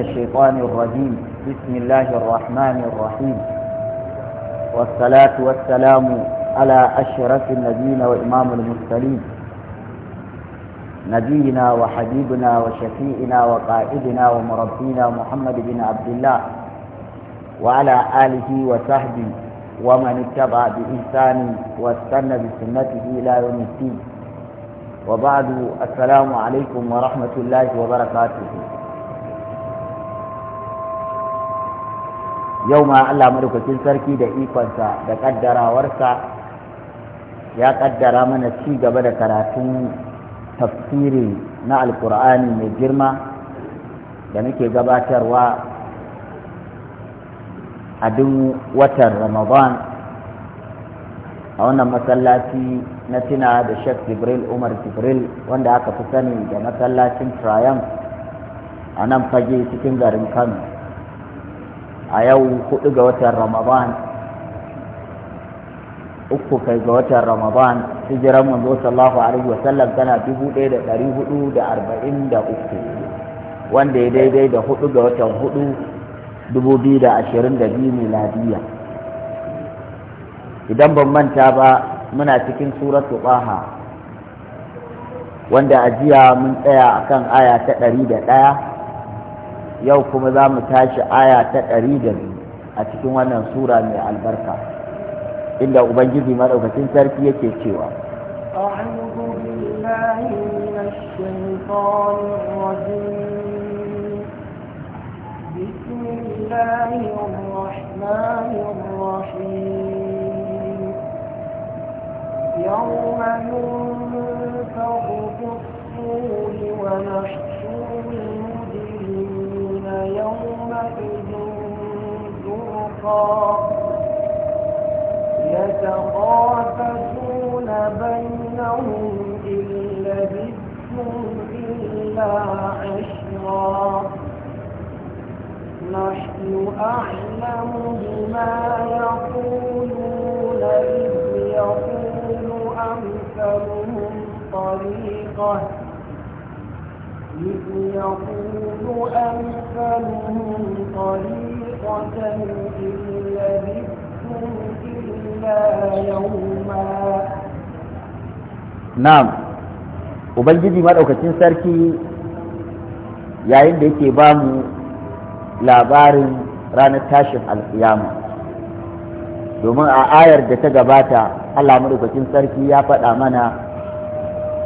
الشيطان الرجيم بسم الله الرحمن الرحيم والصلاة والسلام على أشرف النبيين وإمام المرسلين نبينا وحبيبنا وشفيئنا وقائدنا ومربينا محمد بن عبد الله وعلى آله وصحبه ومن اتبع بإحسان واستنى بسنته إلى يوم الدين وبعد السلام عليكم ورحمة الله وبركاته yau ma Allah madaukakin sarki da ikonsa da kaddarawarsa ya kaddara mana ci gaba da karatun tafsiri na alkur'ani mai girma da nake gabatarwa a duk watan ramadan a wannan masallaci na tuna da sheikh jibril umar jibril wanda aka fi sani da masallacin triumph a nan fage cikin garin kano a yau hudu ga watan ramadan uku kai ga watan ramadan hijiran manzo sallallahu alaihi sallam tana dubu ɗaya da ɗari hudu da arba'in da uku wanda ya daidai da hudu ga watan hudu dubu biyu da ashirin da biyu miladiya idan ban manta ba muna cikin suratu baha wanda a jiya mun tsaya akan aya ta ɗari da ɗaya yau kuma za mu tashi aya ta ɗari da biyu a cikin wannan sura mai albarka inda ubangiji maɗaukacin sarki yake cewa بسم الله الرحمن الرحيم يوم ينفق في الصور ونحن يتخافتون بينهم إن لبثتم إلا عشرا نحن أعلم بما يقولون إذ يقول أمثلهم طريقة إذ يقول أمثلهم طريقة na'am Ubangiji maɗaukacin sarki yayin da yake ba mu labarin ranar tashin alƙiyama domin a ayar da ta gabata Allah maɗaukacin sarki ya faɗa mana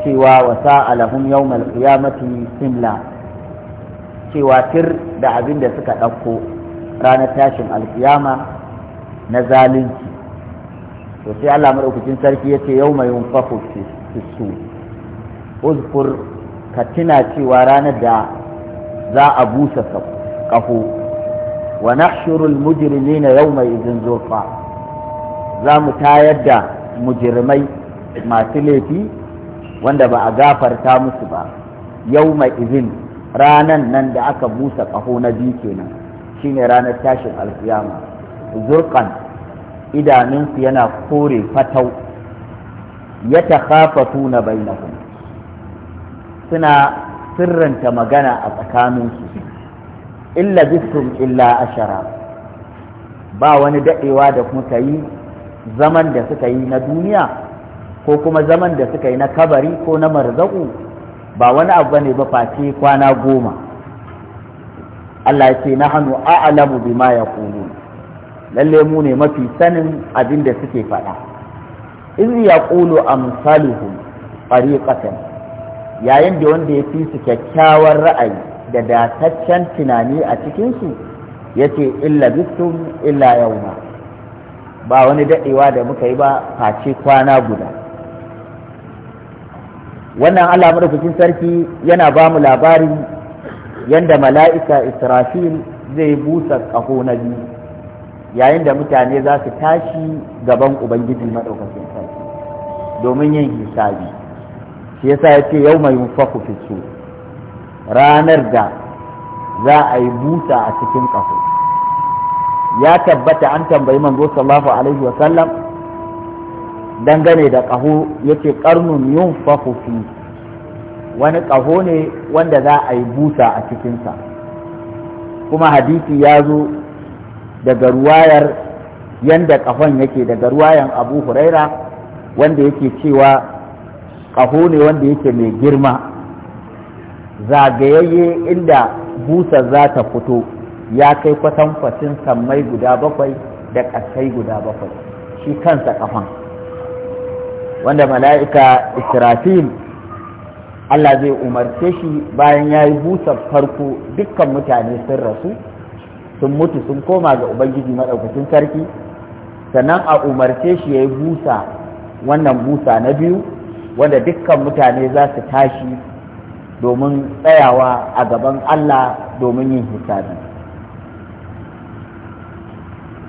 cewa wasa alahun yau malkiyamati simla cewa tir da abin da suka ɗauko ranar tashin alkiyama na zalunci to sai Allah madaukakin sarki yace mai yunfaku fi su uzkur ka tuna cewa ranar da za a busa kaho wa nahshuru yau yawma idin zurfa za mu tayar da mujrimai masu laifi wanda ba a gafarta musu ba yawma izin ranan nan da aka busa kaho na biyu kenan shine ranar tashin alkiyama Zurkan idanunsu yana kore fatau ya na bainahum suna sirranta magana a tsakaninsu illa bisum illa ashara ba wani daɗewa da kuka yi zaman da suka yi na duniya ko kuma zaman da suka yi na kabari ko na marzaku ba wani abu ne ba face kwana goma Allah ya ce na a a'lamu ya yaqulun lalle mu ne mafi sanin abin da suke faɗa in a misalihu ƙariƙatan yayin da wanda ya fi su kyakkyawar ra'ayi da dataccen tunani a cikinsu, ya ce illa bitum illa yau ma. ba wani daɗewa da muka yi ba face kwana guda wannan alamar madaukakin sarki yana ba mu labarin yanda mala'ika israfil zai busa ƙaho na biyu yayin da mutane za su tashi gaban ubangiji maɗaukakin sarki domin yin hisabi shi yasa ya ce yau mai faku fiso ranar da za a yi busa a cikin ƙaho ya tabbata an tambayi manzo sallallahu alaihi wa sallam dangane da ƙaho yace karnun yun faku wani ƙaho ne wanda za a yi busa a cikinsa kuma hadisi ya zo daga ruwayar yadda ƙahon yake daga ruwayan abu huraira wanda yake cewa ƙaho ne wanda yake mai girma zagayayye inda busa za ta fito ya kai fashin sammai guda bakwai da ƙasai guda bakwai shi kansa ƙahon wanda mala'ika israfil Allah zai umarce shi bayan ya yi busar farko dukkan mutane sun rasu sun mutu sun koma ga ubangiji maɗaukacin sarki sannan a umarce shi ya yi busa wannan busa na biyu wanda dukkan mutane za su tashi domin tsayawa a gaban Allah domin yin hisabi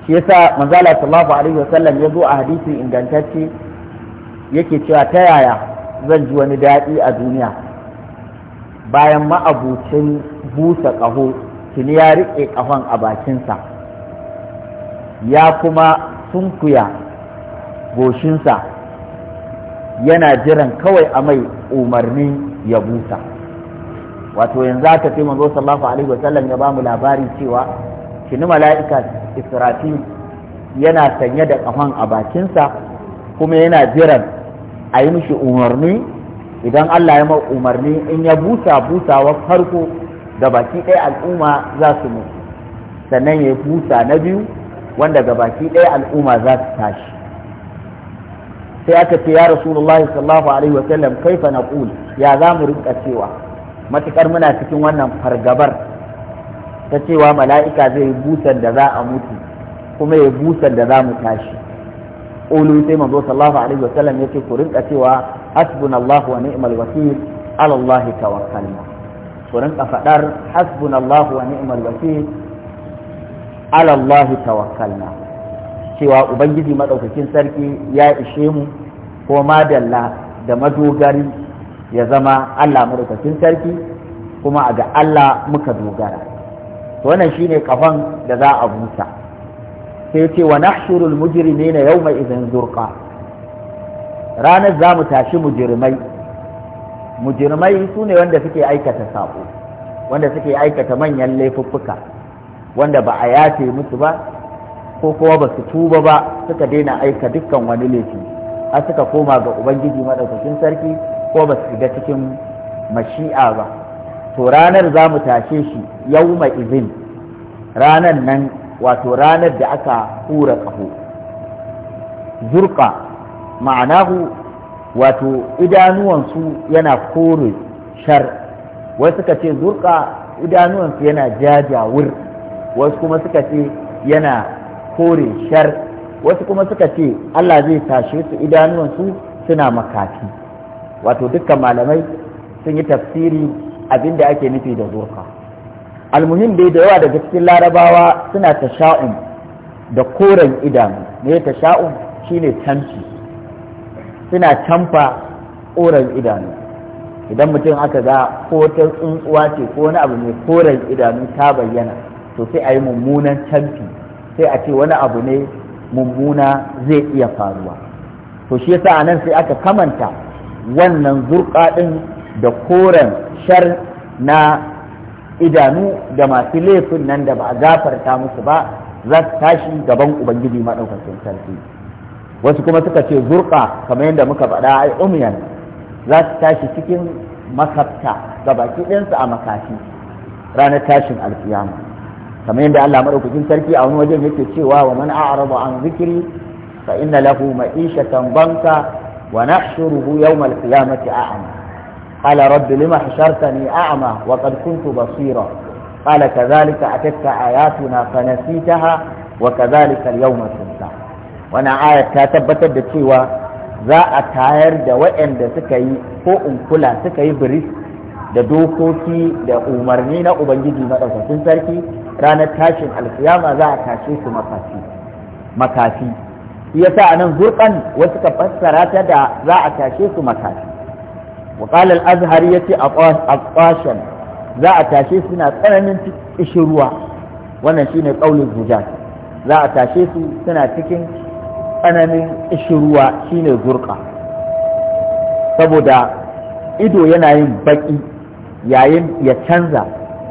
shi yasa manzala sallallahu alaihi wasallam ya zo a hadisin ingantacce yake cewa ta yaya zan ji wani daɗi a duniya bayan ma'abucin busa ƙaho tuni ya riƙe ƙahon a bakinsa ya kuma sunkuya goshinsa yana jiran kawai a mai umarnin ya busa wato yanzu aka fi manzo sallallahu alaihi wasallam ya ba mu labari cewa tuni mala'ika israfil yana sanye da ƙahon a bakinsa kuma yana jiran a yi mishi umarni idan Allah ya ma umarni in ya busa busawa farko da baki ɗaya al'umma za su mutu sannan ya busa na biyu wanda ga baki ɗaya al'umma za su tashi sai aka ce ya rasulullah sallallahu alaihi wasallam kaifa naqul ya za mu rinka cewa matukar muna cikin wannan fargabar ta cewa mala'ika zai busan da za a mutu kuma ya busan da za mu tashi qulu sai manzo sallallahu alaihi wasallam yake ku rinka cewa hasbunallahu wa ni'mal wakil ala Allah tawakkalna ku rinka fadar hasbunallahu wa ni'mal wakil ala Allah tawakkalna cewa ubangiji madaukakin sarki ya ishe mu koma madalla da madogari ya zama Allah madaukakin sarki kuma ga Allah muka dogara wannan shine kafan da za a busa sai ya ce wa nahshurul mujrimina yawma izin zurqa ranar za mu tashi mujirmai mujirmai su ne wanda suke aikata sako wanda suke aikata manyan laifuffuka wanda ba a yace musu ba ko kuma ba su tuba ba suka daina aika dukkan wani laifi a suka koma ga ubangiji maɗaukakin sarki ko ba su shiga cikin mashi'a ba to ranar za mu tashe shi yau izin ranar nan wato ranar da aka hura ƙaho zurƙa ma'anahu wato idanuwansu yana kore shar wai suka ce zurƙa idanuwansu yana jajawur wasu kuma suka ce yana kore shar wasu kuma suka ce Allah zai tashe su idanuwansu suna makafi wato dukkan malamai sun yi tafsiri abinda ake nufi da zurka almuhim dai da yawa daga cikin larabawa suna tasha'un da koren idanu me tasha'un ne canci. suna canfa koren idanu idan mutum aka ga ko ta tsuntsuwa ce ko wani abu ne koren idanu ta bayyana to sai a yi mummunan canfi sai a ce wani abu ne mummuna zai iya faruwa to shi yasa anan sai aka kamanta wannan zurƙa da koren shar na idanu da masu laifin nan da ba a gafarta musu ba za su tashi gaban ubangiji maɗaukakin sarki wasu kuma suka ce zurka kamar yadda muka faɗa ai umiyan za su tashi cikin makafta ga baki ɗinsu a makafi ranar tashin alkiyama kamar yadda Allah maɗaukakin sarki a wani wajen yake cewa wa man a'rada an zikiri fa inna lahu ma'ishatan banka wa nahshuruhu yawmal qiyamati a'ma قال رب لما حشرتني أعمى وقد كنت بصيرا قال كذلك أتتك آياتنا فنسيتها وكذلك اليوم تنسى وانا آية كاتبت cewa za a tayar da waɗanda suka yi ko unkula suka yi biris da dokoki da umarni na ubangiji maɗaukakin sarki ranar tashin alkiyama za a tashe su makafi shi yasa anan zurkan wasu ka fassara ta da za a tashe su makafi wa qala al ce yace aqashan za a tashe suna tsananin kishirwa wannan shine qaulul zujat za a tashe su suna cikin tsananin kishirwa shine zurqa saboda ido yana yin baƙi yayin ya canza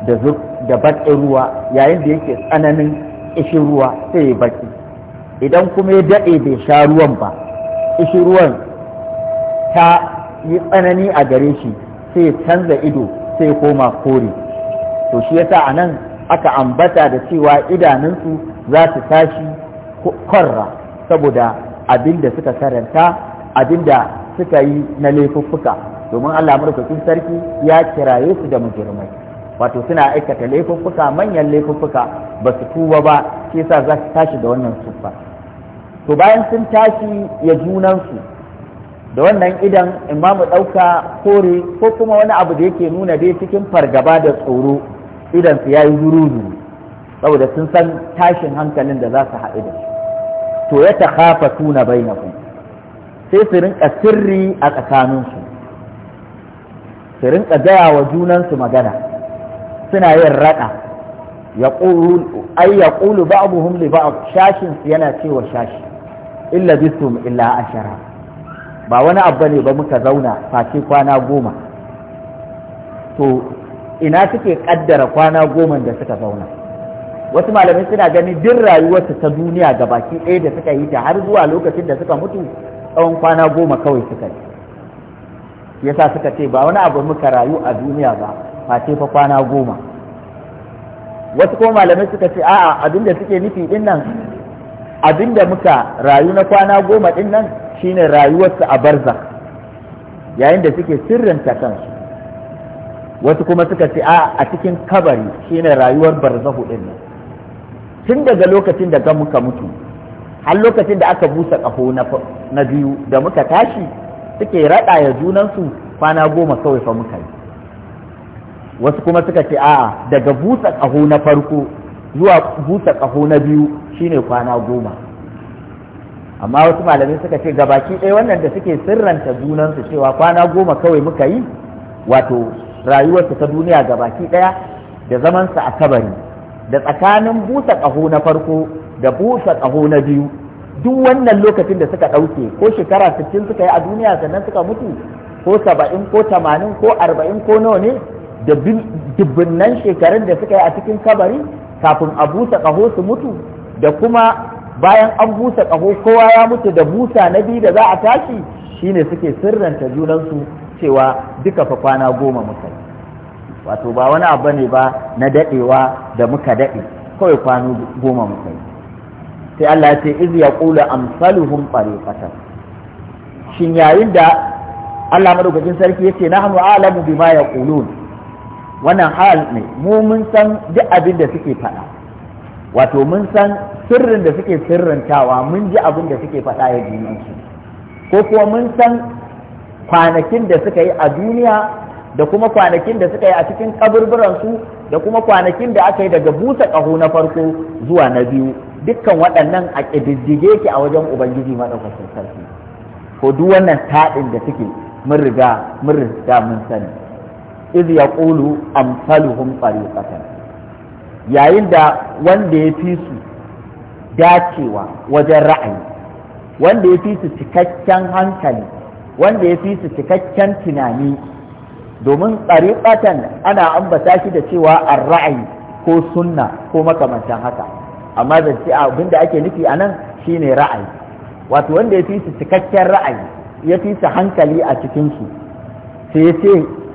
da da ruwa yayin da yake tsananin ishin sai ya baƙi idan kuma ya daɗe bai sha ruwan ba ishin ta yi tsanani a gare shi sai canza ido sai koma kore to shi yasa a nan aka ambata da cewa idanunsu za su tashi korra saboda abin da suka karanta abin da suka yi na laifuffuka domin Allah madaukakin sarki ya kiraye su da mujirmai wato suna aikata laifuffuka manyan laifuffuka ba su tuba ba shi yasa za su tashi da wannan siffa to bayan sun tashi ya junansu da wannan idan imamu ɗauka kore ko kuma wani abu da yake nuna dai cikin fargaba da tsoro idan su yayi zuru saboda sun san tashin hankalin da za su haɗu da shi to ya ta kafa tuna bainakum sai su rinka sirri a tsakaninsu su rinka gaya wa junansu magana suna yin raɗa ai ya ƙulu ba'abuhum li ba'ab shashin yana cewa shashi illa bisum illa ashara ba wani abu ne ba muka zauna face kwana goma to ina suke kaddara kwana goma da suka zauna wasu malamai suna ganin duk rayuwarsu ta duniya ga baki ɗaya da suka yi ta har zuwa lokacin da suka mutu tsawon kwana goma kawai suka yi yasa suka ce ba wani abu muka rayu a duniya ba face fa kwana goma wasu kuma malamai suka ce a'a abinda suke nufi din nan abinda muka rayu na kwana goma din nan shine rayuwarsu a barza yayin da suke sirrinta kansu wasu kuma suka ce a cikin kabari shine rayuwar barzahu din nan tun daga lokacin da muka mutu har lokacin da aka busa ƙaho na biyu da muka tashi suke raɗa ya junansu kwana goma kawai fa muka yi wasu kuma suka ce a'a daga busa ƙaho na farko zuwa busa ƙaho na biyu shine kwana goma amma wasu malamai suka ce gabaki ɗaya wannan da suke sirranta junansu cewa kwana goma kawai muka yi wato rayuwarsu ta duniya gabaki ɗaya da zamansa a kabari da tsakanin busa ƙaho na farko da busa ƙaho na biyu duk wannan lokacin da suka ɗauke ko shekara sittin suka yi a duniya sannan suka mutu ko saba'in ko tamanin ko arba'in ko nawa ne da dubbinan shekarun da suka yi a cikin kabari kafin a busa ƙaho su mutu da kuma bayan an busa ƙaho kowa ya mutu da busa na biyu da za a tashi shine suke sirranta junansu cewa duka fa kwana goma muka yi wato ba wani abu ne ba na daɗewa da muka daɗe kawai kwano goma muka yi sai Allah ya ce iz yaqulu amsaluhum tariqatan shin yayin da Allah madaukakin sarki yace nahnu a'lamu bima yaqulun wannan hal ne mu mun san duk abin da suke faɗa wato mun san sirrin da suke sirrantawa mun ji abin da suke faɗa ya junansu ko kuma mun san kwanakin da suka yi a duniya da kuma kwanakin da suka yi a cikin kaburburansu da kuma kwanakin da aka yi daga busa ƙaho na farko zuwa na biyu dukkan waɗannan a ƙididdige ki a wajen ubangiji maɗaukakin sarki ko duk wannan taɗin da suke mun riga mun riga mun sani iz yaqulu amsaluhum tariqatan yayin da wanda ya fi su dacewa wajen ra'ayi wanda ya fi su cikakken hankali wanda ya fi su cikakken tunani domin tsariƙatan ana ambata shi da cewa an ra'ayi ko sunna ko makamantan haka amma zance abin da ake nufi a nan shine ra'ayi wato wanda ya fi su cikakken ra'ayi ya fi su hankali a cikinsu sai ya ce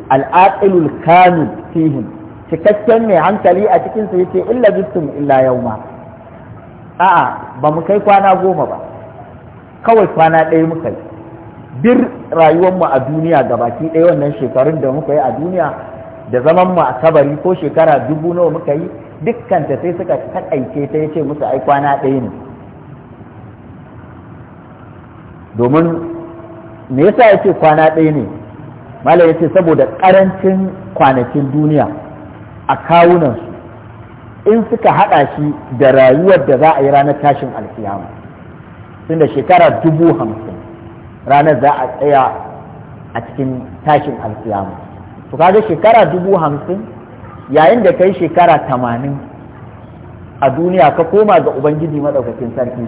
al'aqilul kamil fihim cikakken mai hankali a cikinsa ya ce illa bistum illa yauma a'a ba mu kai kwana goma ba kawai kwana ɗaya muka yi bir rayuwarmu a duniya ga baki ɗaya wannan shekarun da muka yi a duniya da zaman mu a kabari ko shekara dubu nawa muka yi dukkan ta sai suka taƙaice ta yace musu ai kwana ɗaya ne domin me yasa yace kwana ɗaya ne malam yace saboda ƙarancin kwanakin duniya a kawunansu in suka haɗa shi da rayuwar da za a yi ranar tashin alkiyama tunda shekara dubu hamsin ranar za a tsaya a cikin tashin alkiyama to kaga shekara dubu hamsin yayin da kai shekara tamanin a duniya ka koma ga ubangiji maɗaukakin sarki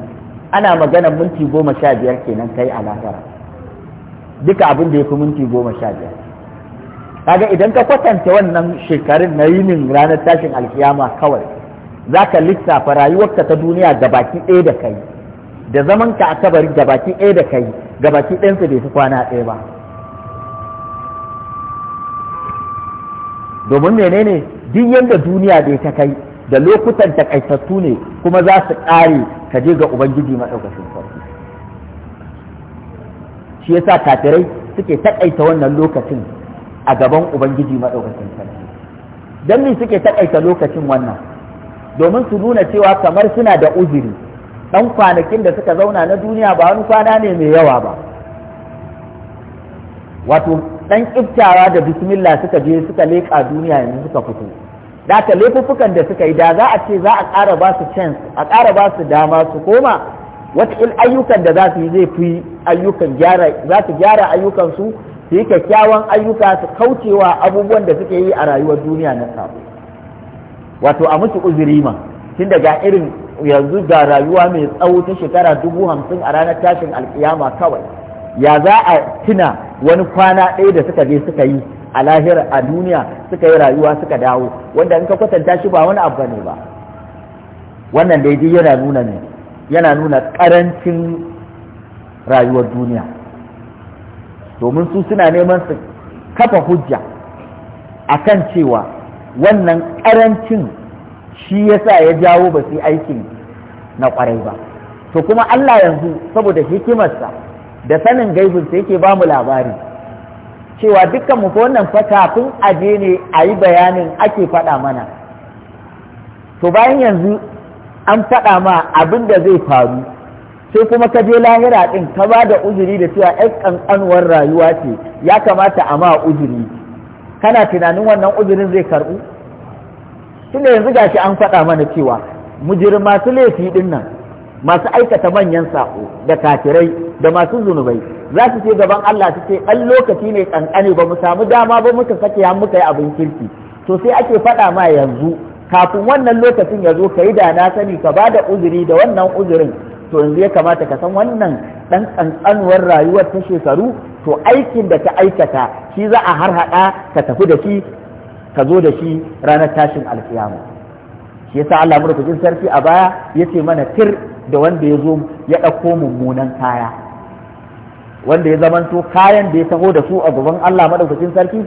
ana magana minti goma sha biyar kenan kai a lahira duka abin da ya fi minti goma sha biyar kaga idan ka kwatanta wannan shekarun na yinin ranar tashin alkiyama kawai za ka lissafa rayuwarka ta duniya baki ɗaya da kai da zaman ka a kabari baki ɗaya da kai baki ɗansa bai fi kwana ɗaya ba domin menene duk yadda duniya bai ta kai da lokutan takaitattu ne kuma za su ƙare ka je ga ubangiji maɗaukacin sarki shi yasa kafirai suke takaita wannan lokacin a gaban ubangiji maɗaukakin sarki don me suke taƙaita lokacin wannan domin su nuna cewa kamar suna da uziri, ɗan kwanakin da suka zauna na duniya ba wani kwana ne mai yawa ba wato ɗan ƙiftawa da bismillah suka je suka leƙa duniya yanzu suka fito da aka laifuffukan da suka yi da za a ce za a ƙara ba su chance a ƙara ba su dama su koma wata ayyukan da za su yi zai fi ayyukan gyara za su gyara ayyukansu su yi kyakkyawan ayyuka su kaucewa abubuwan da suke yi a rayuwar duniya na sabo wato a musu uzuri ma tun daga irin yanzu ga rayuwa mai tsawo ta shekara dubu hamsin a ranar tashin alkiyama kawai ya za a tuna wani kwana ɗaya da suka je suka yi a lahira a duniya suka yi rayuwa suka dawo wanda in ka kwatanta shi ba wani abu ne ba wannan daidai yana nuna ne yana nuna ƙarancin rayuwar duniya domin su suna neman su kafa hujja a kan cewa wannan ƙarancin shi yasa ya jawo ba su aikin na kwarai ba to kuma Allah yanzu saboda hikimarsa da sanin gaibinsa yake ba mu labari cewa dukkan mu wannan fa kafin a ne a yi bayanin ake faɗa mana to bayan yanzu an faɗa ma abin da zai faru sai kuma ka je lahira ɗin ka ba da uzuri da cewa ai ƙanƙanuwar rayuwa ce ya kamata a ma uzuri kana tunanin wannan uzurin zai karɓu? tun da yanzu gashi an faɗa mana cewa mujirin masu laifi ɗin nan masu aikata manyan saƙo, da kafirai da masu zunubai za su ce gaban Allah su ce ɗan lokaci ne kankane ba mu samu dama ba muka sake har muka yi abin kirki to sai ake faɗa ma yanzu kafin wannan lokacin ya zo ka yi da na sani ka ba da uzuri da wannan uzurin to yanzu ya kamata ka san wannan dan kankanuwar rayuwar ta shekaru to aikin da ka aikata shi za a harhaɗa ka tafi da shi ka zo da shi ranar tashin alkiyama shi yasa Allah murtakin sarki a baya yace mana tir da wanda ya zo ya ɗauko mummunan kaya wanda ya zamanto kayan da ya taho da su a gaban Allah madaukakin sarki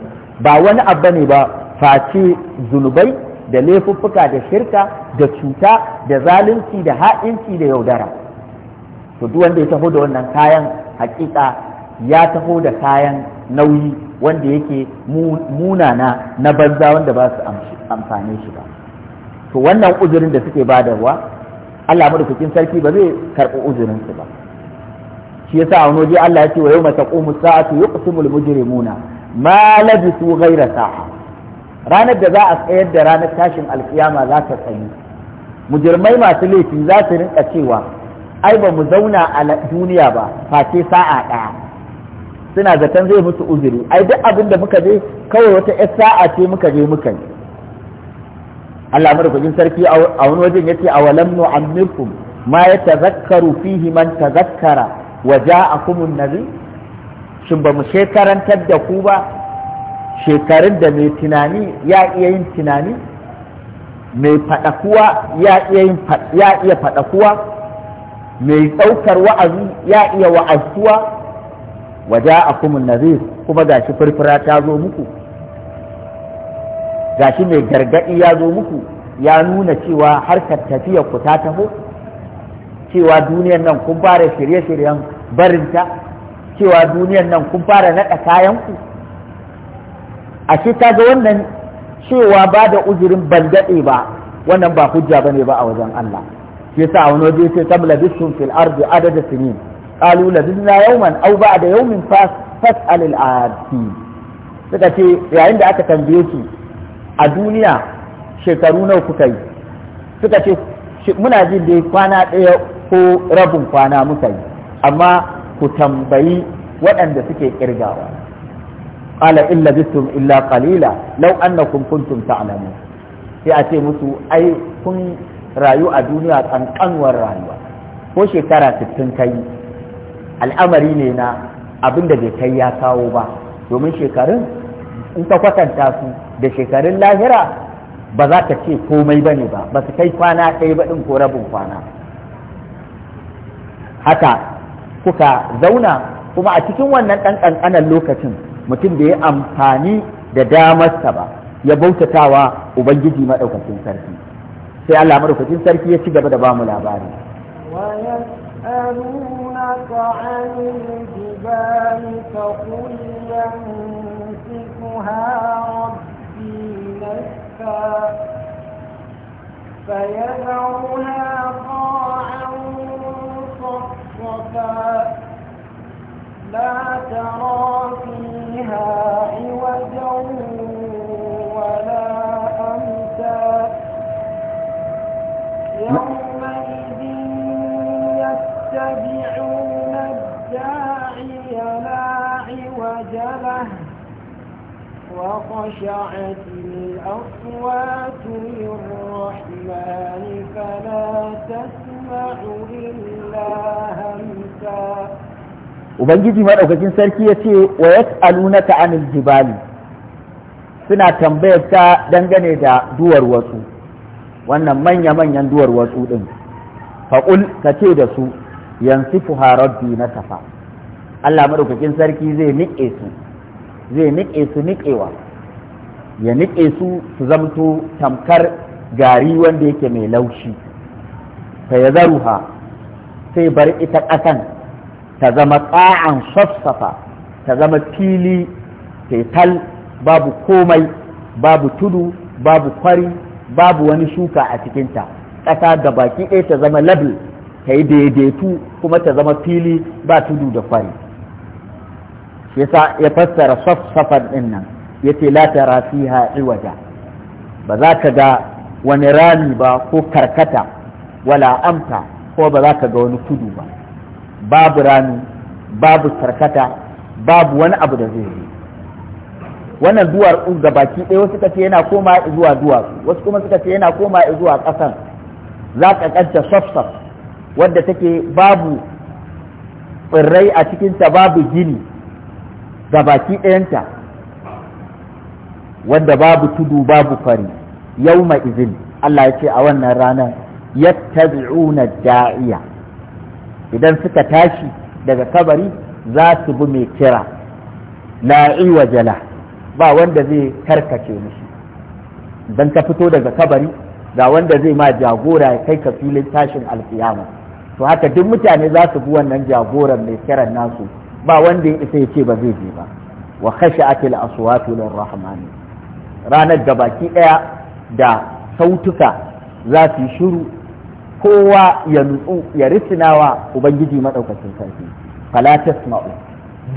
ba wani abu ne ba face zunubai da laifuffuka da shirka da cuta da zalunci da ha'inci da yaudara to duk wanda ya taho da wannan kayan hakika ya taho da kayan nauyi wanda yake munana na banza wanda ba su amfane shi ba to wannan uzurin da suke badarwa Allah madaukakin sarki ba zai karɓi uzurin su ba shi yasa a waje Allah ya ce wa yawma taqumu sa'atu al mujrimuna ma labisu ghayra sa'a ranar da za a tsayar da ranar tashin alkiyama za ta tsayi mujirmai masu laifi za su rinka cewa ai ba mu zauna a duniya ba face sa'a ɗaya suna zaton zai musu uzuri ai duk abin da muka je kawai wata yar sa'a ce muka je muka yi Allah madaukakin sarki a wani wajen yace nu amirkum ma tazakkaru fihi man tazakkara wa ja'akumun nabi shin ba mu shekarantar da ku ba shekarun da mai tunani ya iya yin tunani mai faɗakuwa ya iya faɗakuwa mai ɗaukar wa'azi ya iya wa'azuwa waje a nazir kuma gashi firfira ta zo muku gashi mai gargaɗi ya zo muku ya nuna cewa harkar tafiya ku ta taho cewa duniyar nan kun fara shirye-shiryen barinta cewa duniyar nan kun fara naɗa kayanku a shi ta ga wannan cewa ba da uzurin ban daɗe ba wannan ba hujja ba ne ba a wajen Allah yasa wani waje ce kam labistum fil ardi adada sinin qalu labisna yawman aw ba'da yawmin fas'al al ardi suka ce yayin da aka tambaye su a duniya shekaru nawa kuka yi suka ce muna jin dai kwana ɗaya ko rabin kwana muka yi amma ku tambayi waɗanda suke kirgawa qala illa bistum illa qalila law annakum kuntum ta'lamun sai a ce musu ai kun rayu a duniya kankanwar rayuwa ko shekara sittin kai, al'amari ne na abin da bai kai ya kawo ba domin shekarun in ka kwatanta su da shekarun lahira ba za ka ce komai ba ne ba ba su kai kwana ɗaya ba ɗin ko rabin kwana haka kuka zauna kuma a cikin wannan ɗan ƙanƙanan lokacin mutum da ya amfani da damarsa ba ya bautatawa ubangiji maɗaukakin sarki sai Allah madaukakin sarki ya ci gaba da bamu labari ويسألونك عن الجبال فقل ربي قاعا صفصفا لا ترى فيها عوجا يومئذ يتبعون الداعي لا عوج له وخشعت الأصوات للرحمن فلا تسمع إلا همسا Ubangiji maɗaukakin sarki ya ce wa yas'alunaka anil jibali suna tambayar ta dangane da duwar wasu wannan manya-manyan duwar wasu ɗin faƙul ka ce da su yansu rabbi na tafa Allah maɗaukakin sarki zai niƙe su zai niƙe su niƙewa ya niƙe su su zamto tamkar gari wanda yake mai laushi ta ya zaruha sai bar ita ƙasan ta zama ƙa'an safsafa ta zama fili tal babu komai babu tudu babu kwari babu wani shuka a cikinta ƙasa da baki ɗaya ta zama labil ta yi daidaitu kuma ta zama fili ba tudu da kwari yasa ya fassara safsafan ɗin nan ya ce la tara fiha iwaja ba za ka ga wani rami ba ko karkata wala amta ko ba za ka ga wani kudu ba babu rami babu karkata babu wani abu da zai yi wannan duwar ga baki ɗaya wasu suka ce yana koma zuwa duwatsu wasu kuma suka ce yana koma zuwa ƙasan za ka kanta safsaf wadda take babu tsirrai a cikinta babu gini ga baki ɗayanta wadda babu tudu babu fari Yau mai izin Allah ya ce a wannan ranar tabi'una da'iya idan suka tashi daga kabari za su bi mai kira la'i wa jala ba wanda zai karkace mishi dan ka fito daga kabari ga wanda zai ma jagora ya kai ka filin tashin alkiyama to haka duk mutane za su bi wannan jagoran mai kiran nasu ba wanda ya isa ya ce ba zai je ba wa khashi'atil aswatu lirrahman ranar da baki daya da sautuka za su yi shiru kowa ya nutsu ya risinawa ubangiji madaukakin sarki fala tasma'u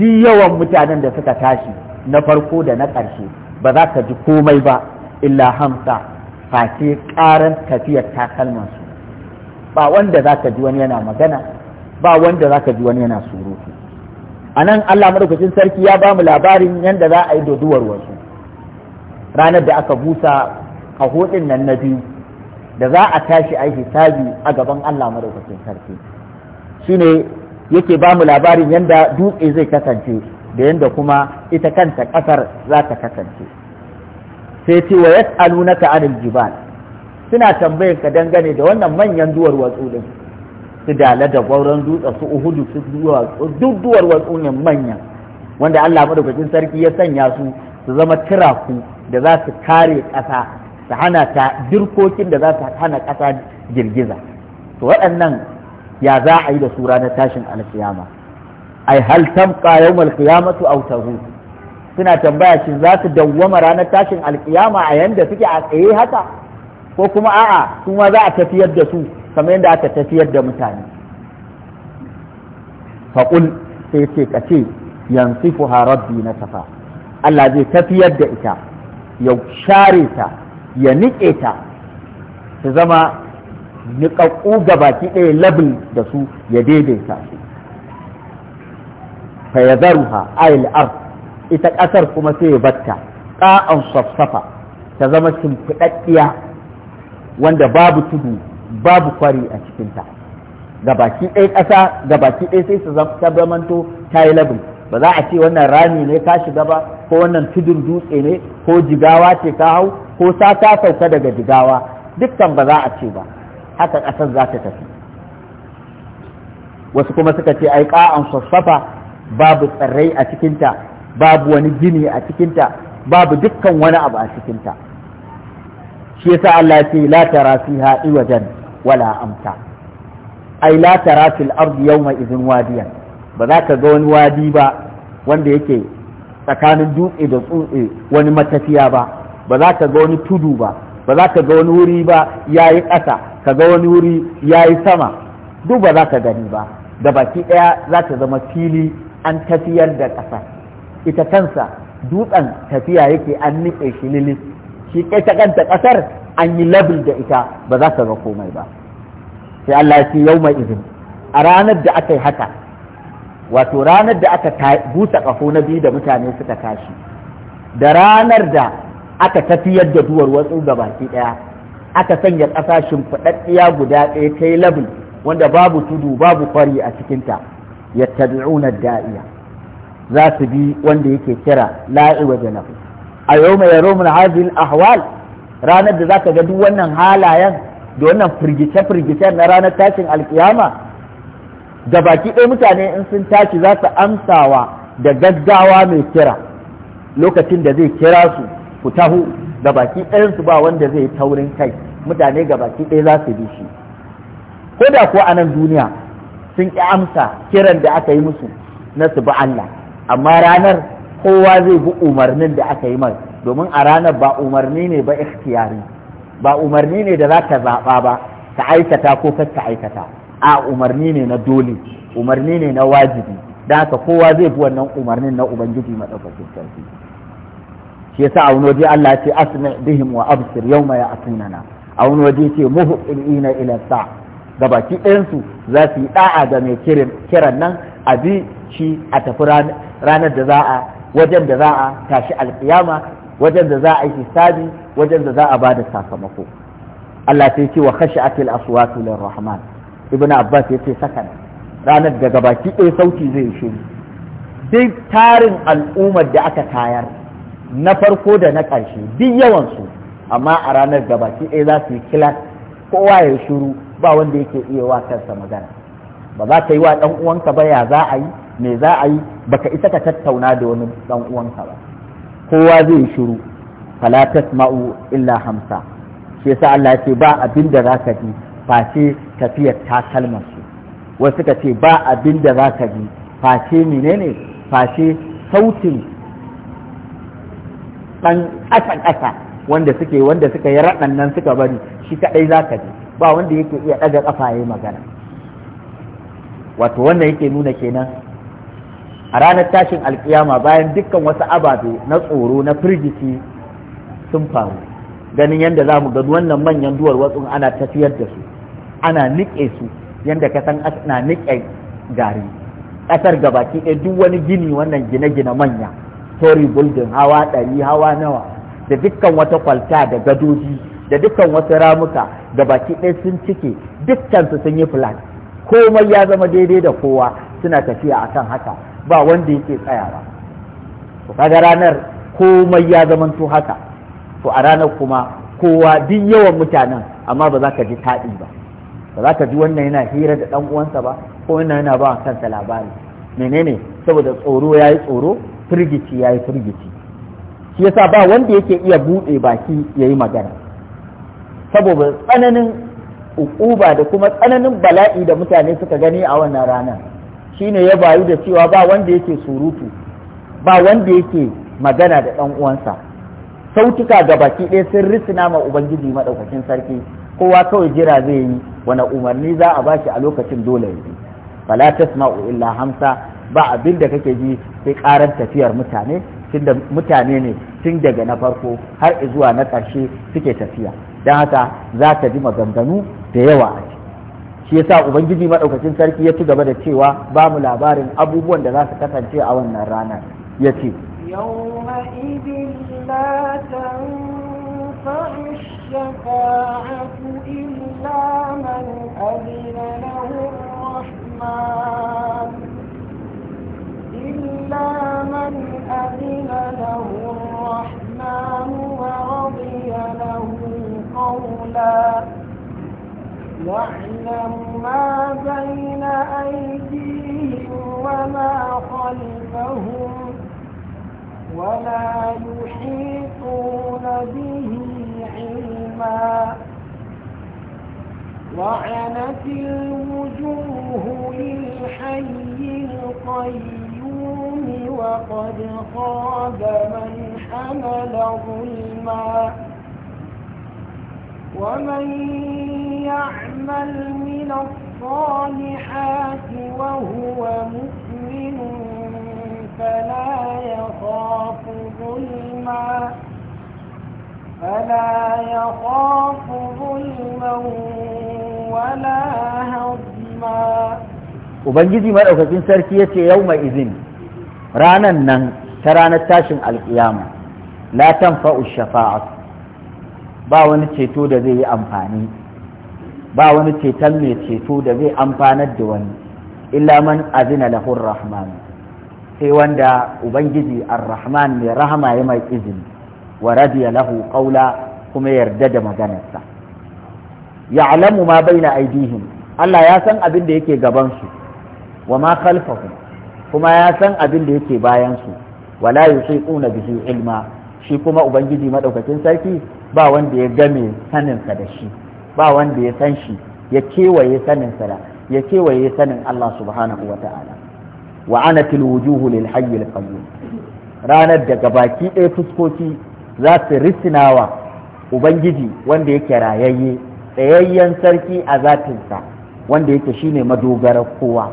duk yawan mutanen da suka tashi na farko da na ƙarshe ba za ka ji komai ba illa hamsa face ƙaran tafiyar takalmansu ba wanda za ka ji wani yana magana ba wanda za ka ji wani yana surutu a nan allah madaukakin sarki ya ba mu labarin yadda za a yi doduwar wasu ranar da aka busa kahoɗin nan na biyu da za a tashi a hisabi a gaban allah madaukakin sarki shine yake ba mu labarin yadda dutse zai kasance da yadda kuma ita kanta ƙasar za ta kasance sai ce wa naka anil jibal suna tambayar ka dangane da wannan manyan duwar watsu din su dala da gauran dutse su uhudu su duk duwar watsu ne manyan wanda Allah madaukakin sarki ya sanya su su zama tiraku da za su kare ƙasa su hana ta dirkokin da za su hana ƙasa girgiza to waɗannan ya za a yi da su ranar tashin alkiyama ai hal tamqa yawmal qiyamati aw tahu suna tambaya shin za su dawwama ranar tashin alkiyama a yanda suke a tsaye haka ko kuma a'a su ma za a tafiyar da su kamar yadda aka tafiyar da mutane faƙul sai ce ka ce yansifuha rabbi na safa Allah zai tafiyar da ita ya share ta ya niƙe ta su zama niƙaƙƙu ga baki ɗaya labin da su ya daidaita su fa yadharuha ayil ard ita kasar kuma sai ya batta qa'an safsafa ta zama shimfidaddiya wanda babu tudu babu kwari a cikinta gabaki ɗaya ƙasa gabaki ɗaya sai su zamanto ta yi labin ba za a ce wannan rami ne ka shiga ba ko wannan tudun dutse ne ko jigawa ce ka hau ko sata ta sauka daga jigawa dukkan ba za a ce ba haka ƙasar za ta tafi wasu kuma suka ce ai ƙa'an sassafa babu tsirrai a cikinta babu wani gini a cikinta babu dukkan wani abu a cikinta shi yasa Allah ce la tara fiha iwajan wala amta ai la tara fil ardi yawma idhin wadiyan ba za ka ga wani wadi ba wanda yake tsakanin dutse da tsutse wani matafiya ba ba za ka ga wani tudu ba ba za ka ga wani wuri ba yayi ƙasa ka ga wani wuri yayi sama duk ba za ka gani ba da baki ɗaya za ta zama fili an tafiyar da ƙasa ita kansa dutsen tafiya yake an nike shi lilis shi kai ta kanta ƙasar an yi labil da ita ba za ka ga komai ba sai Allah ya ce yau mai izin a ranar da aka yi haka wato ranar da aka busa ƙafo na biyu da mutane suka tashi da ranar da aka tafiyar da duwar wasu ga baki ɗaya aka sanya ƙasa shimfiɗaɗɗiya guda ɗaya ta yi labil wanda babu tudu babu kwari a cikinta yattabi'una da'iya za su bi wanda yake kira la'i wa janabi a yau mai yaro mun hadhihi ahwal ranar da zaka ga duk wannan halayen da wannan firgice firgice na ranar tashin alkiyama da baki ɗaya mutane in sun tashi za su amsawa da gaggawa mai kira lokacin da zai kira su ku taho da baki ɗayansu ba wanda zai yi taurin kai mutane ga baki ɗaya za su bi shi ko da kuwa a nan duniya sun ƙi amsa kiran da aka yi musu na su bi Allah amma ranar kowa zai bi umarnin da aka yi mai domin a ranar ba umarni ne ba ikhtiyari ba umarni ne da za ka zaɓa ba ka aikata ko kar ka aikata a umarni ne na dole umarni ne na wajibi da haka kowa zai bi wannan umarnin na ubangiji madaukakin sarki shi yasa a wani Allah ya ce asmi bihim wa absir yawma ya'tunana a wani waje ce muhqinina ila sa' ga baki ɗayansu za su yi ɗa'a ga mai kiran nan a bi shi a tafi ranar da za a wajen da za a tashi alƙiyama wajen da za a yi hisabi wajen da za a ba da sakamako Allah sai ce wa khashi'atil aswatu Rahman. Ibn abbas yace sakana ranar da gabaki ɗaya sauti zai shiru duk tarin al'ummar da aka tayar na farko da na ƙarshe duk yawansu amma a ranar gabaki ɗaya za su yi kila, kowa ya shiru ba wanda yake iya wa kansa magana ba za ka yi wa ɗan uwanka ba ya za a yi me za a yi baka isa ka tattauna da wani ɗan uwanka ba kowa zai shiru fala tasma'u illa hamsa shi yasa Allah ya ce ba abin da za ka ji face tafiyar kalmar su wasu suka ce ba abin da za ka ji face menene face sautin ɗan ƙasa-ƙasa wanda suke wanda suka yi raɗan nan suka bari shi kaɗai za ka ji ba wanda yake iya ɗaga ƙafa ya yi magana wato wannan yake nuna kenan a ranar tashin alkiyama bayan dukkan wasu ababe na tsoro na firgici sun faru ganin yadda za mu gani wannan manyan duwar watsun ana tafiyar da su ana niƙe su yadda ka san ana niƙe gari ƙasar gabaki ɗaya duk wani gini wannan gine-gine manya tori building hawa ɗari hawa nawa da dukkan wata kwalta da gadoji da dukkan wasu ramuka da baki ɗaya sun cike dukkan su sun yi flat komai ya zama daidai da kowa suna tafiya a kan haka ba wanda yake tsayawa to kaga ranar komai ya zamanto haka to a ranar kuma kowa duk yawan mutanen amma ba za ka ji taɗi ba ba za ka ji wannan yana hira da ɗan uwansa ba ko wannan yana ba kansa labari menene saboda tsoro ya yi tsoro firgici ya yi firgici shi yasa ba wanda yake iya buɗe baki ya yi magana saboda tsananin uba da kuma tsananin bala'i da mutane suka gani a wannan ranar ne ya bayu da cewa ba wanda yake surutu ba wanda yake magana da ɗan uwansa sautuka ga baki ɗaya sun risina ma ubangiji maɗaukacin sarki kowa kawai jira zai yi wani umarni za a bashi a lokacin dole yi fala tasma'u illa hamsa ba abin da kake ji sai karar tafiyar mutane da mutane ne tun daga na farko har zuwa na ƙarshe suke tafiya don haka za ka ji maganganu da yawa a ciki shi yasa ubangiji maɗaukacin sarki ya ci gaba da cewa ba mu labarin abubuwan da za su kasance a wannan ranar ya ce الشفاعة إلا من أذن له إلا من أذن له الرحمن ورضي له قولا يعلم ما بين أيديهم وما خلفهم ولا يحيطون به علما وعنت الوجوه للحي القيوم وقد خاب من حمل ظلما ومن يعمل من الصالحات وهو مؤمن فلا يخاف ظلما فلا يخاف ظلما ولا هضما Ubangiji maɗaukakin sarki ya ce yau mai izin ranan nan ta ranar tashin alƙiyama la tanfa'u shafa'atu ba wani ceto da zai yi amfani ba wani ceton mai ceto da zai amfanar da wani illa man azina lahur rahman sai wanda ubangiji ar-rahman mai rahama ya mai izini wa radiya lahu qawla kuma yarda da maganarsa ya'lamu ma baina aidihim Allah ya san abin da yake su wa ma khalfahum kuma ya san abin da yake bayansu wala yusiquna bihi ilma shi kuma ubangiji madaukakin sarki ba wanda ya game saninsa da shi ba wanda ya san shi ya kewaye saninsa da ya kewaye sanin Allah subhanahu wa ta'ala wa anatil wujuhu lil hayyil ranar da gabaki ɗaya fuskoki za su risinawa ubangiji wanda yake rayayye tsayayyen sarki a zatinsa wanda yake shine madogarar kowa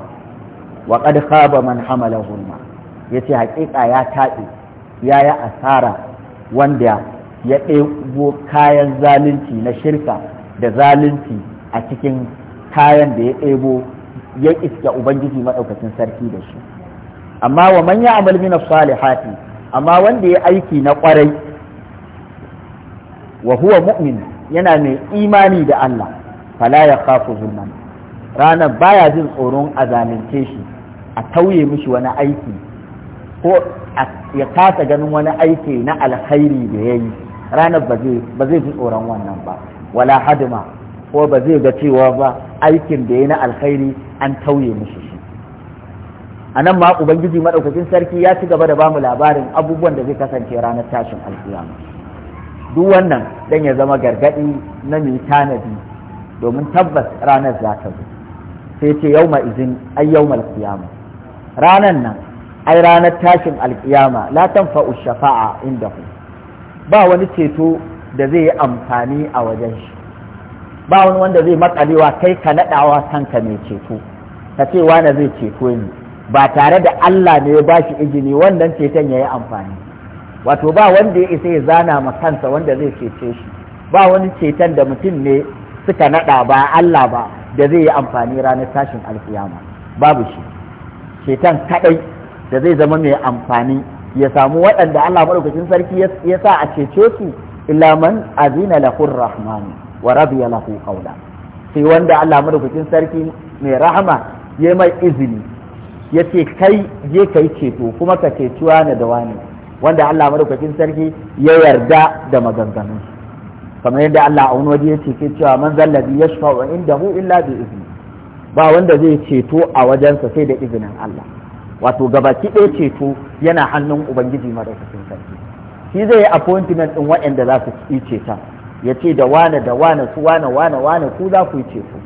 wa qad khaba man hamala hulma yace haƙiƙa ya taɗe ya asara wanda ya ɗebo kayan zalunci na shirka da zalunci a cikin kayan da ya ɗebo ya iska ubangiji maɗaukacin sarki da shi amma wa man ya amal min salihati amma wanda ya aiki na ƙwarai wa huwa mu'min yana mai imani da Allah fala ya khafu zulman ranar baya jin tsoron a zalunce shi a tauye mishi wani aiki ko ya kasa ganin wani aiki na alkhairi da ya yi ranar ba zai ji tsoron wannan ba wala hadima ko ba zai ga cewa ba aikin da ya na alkhairi an tauye mishi shi a nan ma ubangiji maɗaukakin sarki ya ci gaba da bamu labarin abubuwan da zai kasance ranar tashin alkiyama duk wannan dan ya zama gargaɗi na mai tanadi domin tabbas ranar za ta zo sai ce yau ma izin ai yau ma alkiyama ranar nan ai ranar tashin alkiyama la tanfa'u shafa'a inda ku ba wani ceto da zai yi amfani a wajen shi ba wani wanda zai makalewa kai ka naɗawa kanka mai ceto ka ce wani zai ceto ni ba tare da Allah ne ya ba shi izini wannan ceton ya yi amfani wato ba wanda ya isa ya zana ma kansa wanda zai cece shi ba wani ceton da mutum ne suka naɗa ba Allah ba da zai yi amfani ranar tashin alkiyama babu shi ceton kaɗai da zai zama mai amfani ya samu waɗanda Allah madaukakin sarki ya sa a cece su illa man azina lahu rahmanu wa radiya lahu qawla sai wanda Allah madaukakin sarki mai rahama ya mai izini ya ce kai je kai ceto kuma ka ceci wani da wani wanda Allah madaukakin sarki ya yarda da maganganun kamar yadda Allah a wani waje ya ce cewa man zallabi yashfa'u indahu illa bi izini. ba wanda zai ceto a wajensa sai da izinin Allah wato gabaki ɗaya ceto yana hannun ubangiji madaukakin sarki shi zai yi appointment ɗin waɗanda za su yi ceta ya ce da wane da wane su wane wane wane ku za ku yi ceto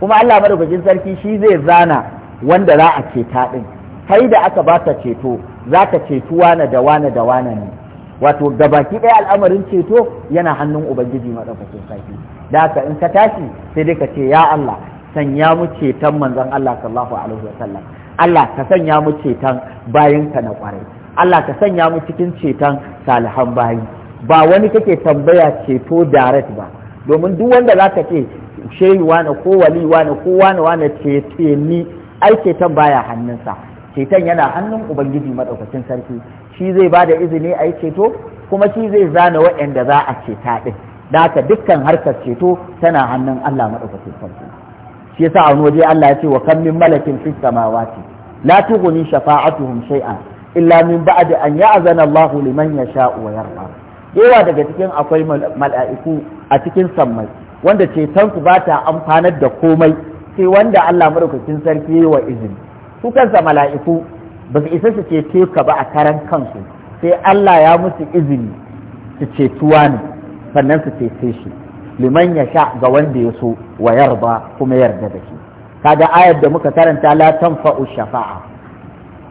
kuma Allah madaukakin sarki shi zai zana wanda za a ceta ɗin kai da aka baka ceto za ka ceto wane da wane da wane ne wato gabaki ɗaya al'amarin ceto yana hannun ubangiji madaukakin sarki da haka in ka tashi sai dai ka ce ya Allah sanya mu ceton manzon Allah sallallahu alaihi sallam. Allah ka sanya mu ceton bayanka na kwarai Allah ka sanya mu cikin ceton salihan bayi ba wani kake tambaya ceto direct ba domin duk wanda za ka ce shehi na ko wali na ko wani wani cece ni ai ceton baya hannunsa ceton yana hannun ubangiji madaukakin sarki shi zai ba da izini a ceto kuma shi zai zana waɗanda za a ceta ɗin da haka dukkan harkar ceto tana hannun allah madaukakin sarki shi yasa a wani waje Allah ya ce wa kan min malakin fis samawati la tughni shafa'atuhum shay'an illa min ba'd an ya'zana Allah liman yasha'u wa yarda yawa daga cikin akwai mala'iku a cikin sammai wanda ceton su bata amfanar da komai sai wanda Allah madaukakin sarki wa izini su kansa mala'iku ba su isa su cece ka ba a karan kansu sai Allah ya musu izini su cetuwa ne sannan su cece shi liman ya sha ga wanda ya so wa yarda kuma yarda da shi kaga ayar da muka karanta la tanfa'u shafa'a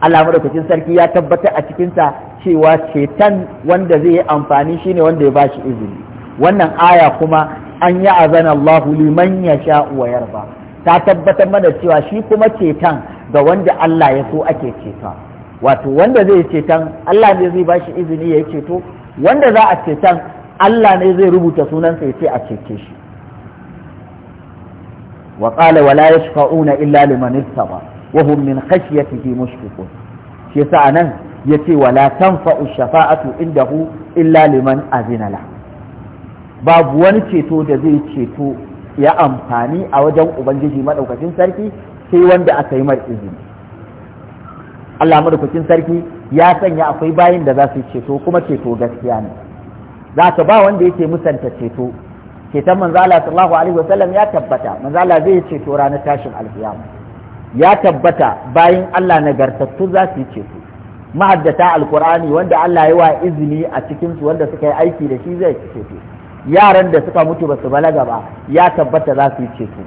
Allah madaukakin sarki ya tabbata a cikin ta cewa cetan wanda zai yi amfani shine wanda ya bashi izini wannan aya kuma an yi azana Allahu liman ya sha wa yarda ta tabbatar mana cewa shi kuma cetan ga wanda Allah ya so ake ceta wato wanda zai cetan Allah ne zai ba shi izini ya ceto wanda za a cetan Allah ne zai rubuta sunansa ya ce a cece shi wa qala wala yashfa'una illa liman ittaba wa hum min khashyatihi mushfiqun shi yasa anan yace wala tanfa'u shafa'atu indahu illa liman azina la babu wani ceto da zai ceto ya amfani a wajen ubangiji madaukakin sarki sai wanda aka yi mar izini Allah madaukakin sarki ya sanya akwai bayin da za su ceto kuma ceto gaskiya ne za ka ba wanda yake musanta ceto ceton manzo Allah sallallahu alaihi wasallam ya tabbata manzo Allah zai ceto ranar tashin alkiyama ya tabbata bayan Allah nagartattu za su yi ceto mahaddata alkur'ani wanda Allah ya wa izini a cikin su wanda suka yi aiki da shi zai ceto yaran da suka mutu ba su balaga ba ya tabbata za su yi ceto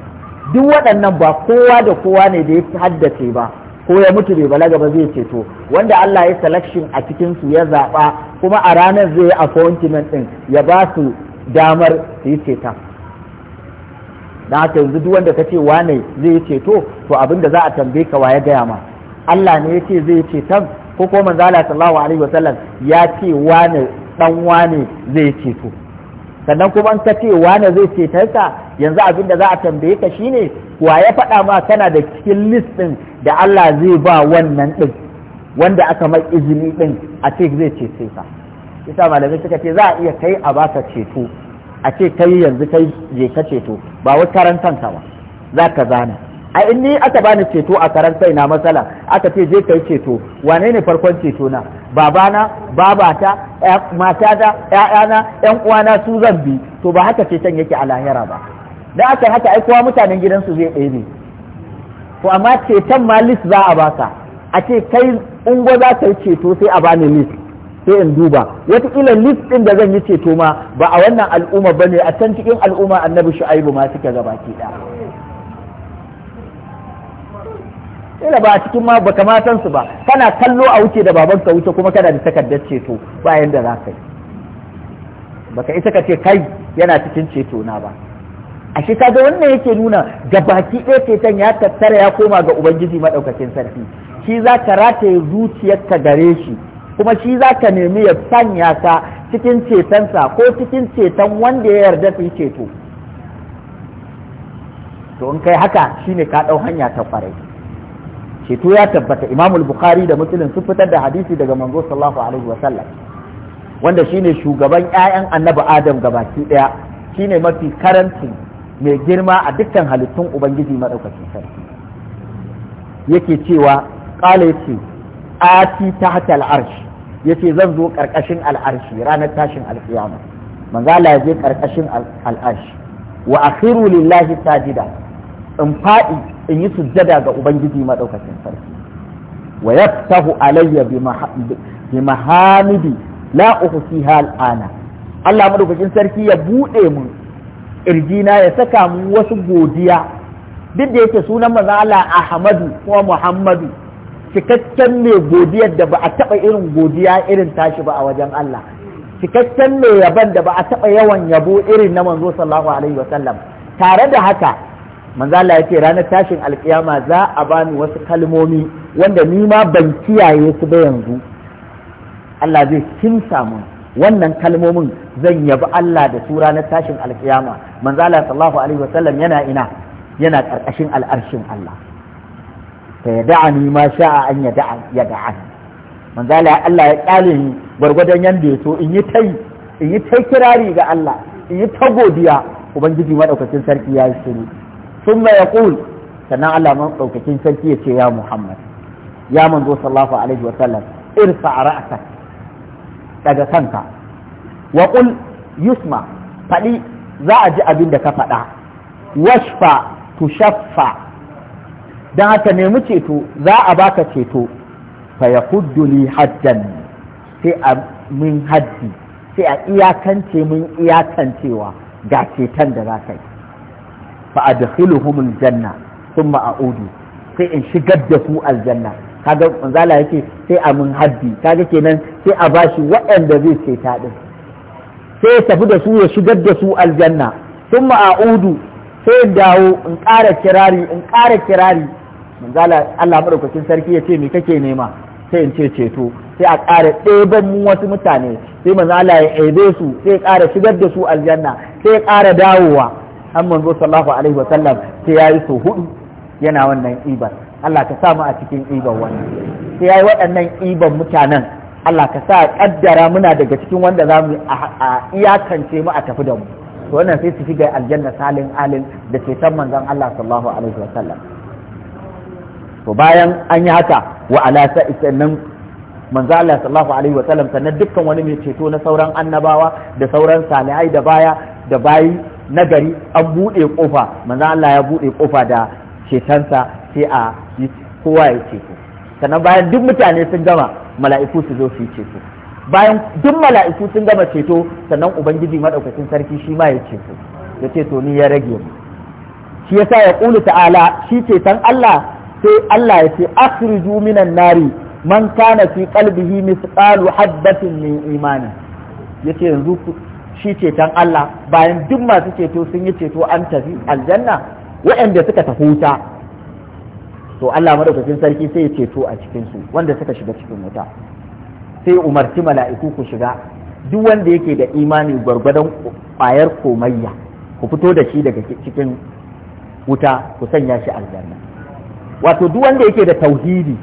duk waɗannan ba kowa da kowa ne da ya haddace ba ko ya mutu bai balaga ba zai ceto wanda Allah ya selection a cikin su ya zaɓa kuma a ranar zai yi appointment ɗin ya ba su damar su yi ceta da haka yanzu duk wanda ka ce wane zai yi ceto to abin da za a tambaye ka wa ya gaya ma Allah ne ya ce zai yi ceton ko ko manzo Allah sallallahu alaihi wasallam ya ce wane dan wane zai ceto sannan kuma an ka ce wane zai ceta ka yanzu abin da za a tambaye ka shine wa ya faɗa ma kana da cikin list ɗin da Allah zai ba wannan ɗin wanda aka mai izini din a ce zai sai ka isa malamai suka ce za a iya kai a baka ceto a ce kai yanzu kai je ka ceto ba wai karan kanka ba za ka zana a in ni aka bani ceto a karan kai na matsala aka ce je kai ceto wane ne farkon ceto na babana babata matata ƴaƴana ƴan uwana su zan bi to ba haka ceton yake a lahira ba da aka haka ai kowa mutanen gidansu zai ɗaya ne to amma ceton ma za a baka a ce kai ungo za ka yi ceto sai a bani list sai in duba wataƙila list ɗin da zan yi ceto ma ba a wannan al'umma ba ne a can cikin al'umma annabi shu'aibu ma suke gabaki ɗaya ba a cikin ma ba kamatan su ba kana kallo a wuce da baban ka wuce kuma kana da takardar ceto bayan da za ka yi baka isa ka ce kai yana cikin ceto na ba ashe kaga wannan yake nuna ga baki ɗaya ceton ya tattara ya koma ga ubangiji maɗaukakin sarki shi za ka rataye zuciyarta gare shi kuma shi za ka nemi ya sanya ka cikin cetonsa ko cikin ceton wanda ya yarda su yi ceto to in kai haka shine ka ɗau hanya ta ƙwarai ceto ya tabbata imamul bukhari da muslim sun fitar da hadisi daga manzo sallallahu alaihi wasallam wanda shine shugaban 'ya'yan annabi adam gabaki ɗaya shine mafi karanci mai girma a dukkan halittun ubangiji maɗaukacin sarki yake cewa qala yace ati al'arshi. Ya yace zan zo ƙarƙashin al'arshi ranar tashin alkiyama manzo Allah ya je ƙarƙashin al'arshi wa akhiru lillahi sajida in fadi in yi sujjada ga ubangiji madaukakin sarki wa yaftahu alayya bi mahamidi la uhsiha al'ana Allah madaukakin sarki ya bude mu irjina ya saka mu wasu godiya duk da yake sunan manzo Allah Ahmadu ko Muhammadu cikakken mai godiyar da ba a taɓa irin godiya irin tashi ba a wajen Allah cikakken mai yaban da ba a taɓa yawan yabo irin na manzo sallallahu alaihi wasallam tare da haka manzo Allah ya ce ranar tashin alkiyama za a bani wasu kalmomi wanda ni ma ban kiyaye su ba yanzu Allah zai kimsa mun wannan kalmomin zan yabi Allah da su ranar tashin alkiyama manzo Allah sallallahu alaihi wasallam yana ina yana karkashin al'arshin Allah fa yada'ani ma sha'a an yada'a yada'ani manzo Allah ya kyale ni gwargwadon yanda ya so in yi tai kirari ga Allah in yi ta godiya ubangiji maɗaukacin sarki ya yi shiru summa yaqul sannan Allah madaukakin sarki ya ce ya Muhammad ya manzo sallallahu alaihi wa sallam irfa ra'sak daga kanka wa yusma faɗi za a ji abin da ka faɗa washfa tushaffa don haka nemi ceto za a baka ceto fa ya li haddan sai a min haddi sai a iyakance min iyakancewa ga ceton da za ka yi fa adkhiluhum janna, sun a'udu sai in shigar da su aljanna kaga manzala yake sai a min haddi kaga kenan sai a bashi waɗanda zai ceta din sai ya tafi da su ya shigar da su aljanna thumma a'udu sai dawo in ƙara kirari in ƙara kirari manzala Allah madaukakin sarki ya ce me kake nema sai in ce ceto sai a ƙara ɗeban mu wasu mutane sai Allah ya aibe su sai ya ƙara shigar da su aljanna sai ya ƙara dawowa an manzo sallallahu alaihi sallam sai ya yi so hudu yana wannan ibar Allah ka sa mu a cikin ibar wannan sai ya yi waɗannan ibar mutanen Allah ka sa kaddara muna daga cikin wanda za mu a iyakance mu a tafi da mu to wannan sai su shiga aljanna salin alin da ceton manzon Allah sallallahu alaihi sallam. to bayan an yi haka wa ala sannan manzo Allah sallallahu alaihi wa sallam sannan dukkan wani mai ceto na sauran annabawa da sauran salihai da baya da bayi nagari an buɗe kofa manzo Allah ya buɗe kofa da cetansa sai a kowa ya ceto sannan bayan duk mutane sun gama mala'iku su zo su yi ceto bayan duk mala'iku sun gama ceto sannan ubangiji madaukakin sarki shi ma ya ceto ya ceto ni ya rage mu shi yasa ya ta'ala shi ceton Allah sai Allah ya ce akhriju minan nari man kana fi qalbihi misqalu habatin min imani yace yanzu shi ceton Allah bayan duk masu ceto sun yi ceto an tafi aljanna waɗanda suka tafi wuta to Allah madaukakin sarki sai ya ceto a cikin su wanda suka shiga cikin wuta sai umarci mala'iku ku shiga duk wanda yake da imani gwargwadon ƙwayar komayya ku fito da shi daga cikin wuta ku sanya shi aljanna wato duk wanda yake da tauhidi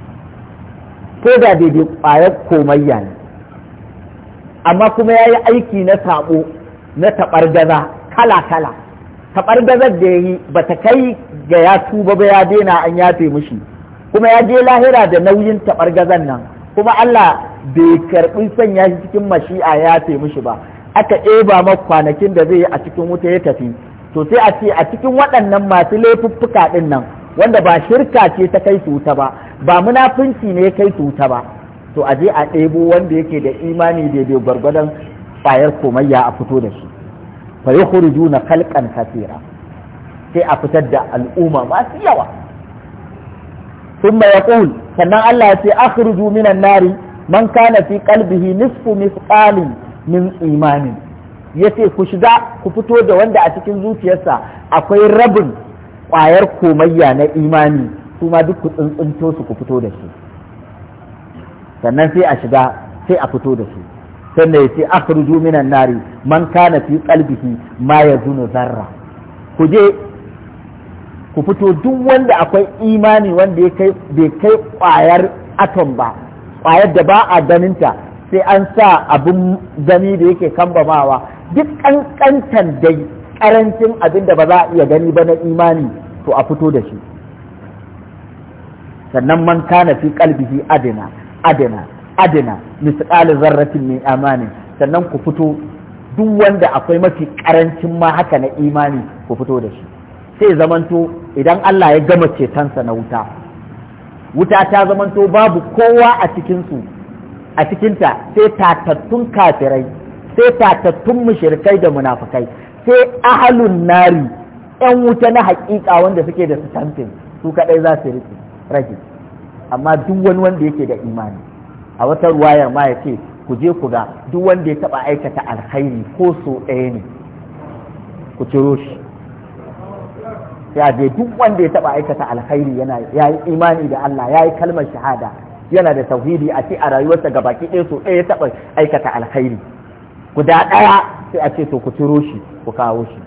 ko da daidai ƙwayar komayya ne amma kuma ya yi aiki na sabo na gaza kala-kala taɓargazar da ya yi ba ta kai ga ya tuba ba ya daina an yafe mushi kuma ya je lahira da nauyin gazan nan kuma Allah bai karɓi sanya shi cikin mashi'a ya yafe mushi ba aka ɗeba ma kwanakin da zai yi a cikin wuta ya tafi to sai a ce a cikin waɗannan masu laifuffuka ɗin nan wanda ba shirka ce ta kai su wuta ba ba munafunci ne ya kai su wuta ba to a je a ɗebo wanda yake da imani daidai gwargwadon ƙwayar komayya a fito da shi fa juna kalkan kaseera sai a fitar da al'umma masu yawa ya ƙul sannan Allah ya ce a akhruju minan nari man kana fi kalbihi nisfu misqalin min imanin ya ce ku shiga ku fito da wanda a cikin zuciyarsa akwai rabin ƙwayar komayya na imani su ma duk ku su ku fito da su sannan sai a shiga sai a fito da su sannan ya ce akhruju minan nari man kana fi qalbihi ma yazunu zarra ku je ku fito duk wanda akwai imani wanda ya bai kai ƙwayar atom ba ƙwayar da ba a ganinta sai an sa abin gani da yake kambamawa duk ƙanƙantan dai karancin abin da ba za a iya gani ba na imani to a fito da shi sannan man kana fi kalbihi adina adina adina misqal zarratin min amani sannan ku fito duk wanda akwai mafi karancin ma haka na imani ku fito da shi sai zamanto idan Allah ya gama cetonsa na wuta wuta ta zamanto babu kowa a cikinsu a cikinta sai tatattun kafirai sai tatattun mushirikai da munafukai sai ahalun nari yan wuta na haƙiƙa wanda suke da stamping su kaɗai za su rike rage amma duk wani wanda yake da imani a wata ruwayar ma ya ce ku je ku ga duk wanda ya taba aikata alkhairi ko so ɗaya ne ku ciro shi ya je duk wanda ya taɓa aikata alkhairi yana ya yi imani da Allah ya yi kalmar shahada yana da tauhidi a ce a rayuwarsa gabaki ɗaya so ɗaya ya taba aikata alkhairi guda ɗaya sai a ce to ku turo shi ku kawo shi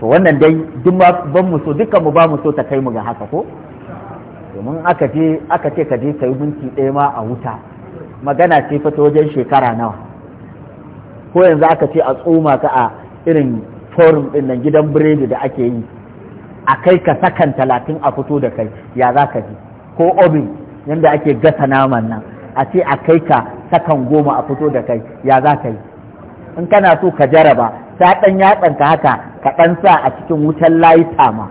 to wannan dai duk ban mu so dukkan mu ba mu so ta kai mu ga haka ko domin aka je aka ce ka je ka yi minti ɗaya ma a wuta magana ce fa ta wajen shekara nawa ko yanzu aka ce a tsoma ka a irin forum ɗin nan gidan biredi da ake yi a kai ka sakan talatin a fito da kai ya za ka ji ko obin yadda ake gasa naman nan a ce a kai ka sakan goma a fito da kai ya za ka yi in kana so ka jaraba ta ɗan ka haka ka ɗan sa a cikin wutan layi ma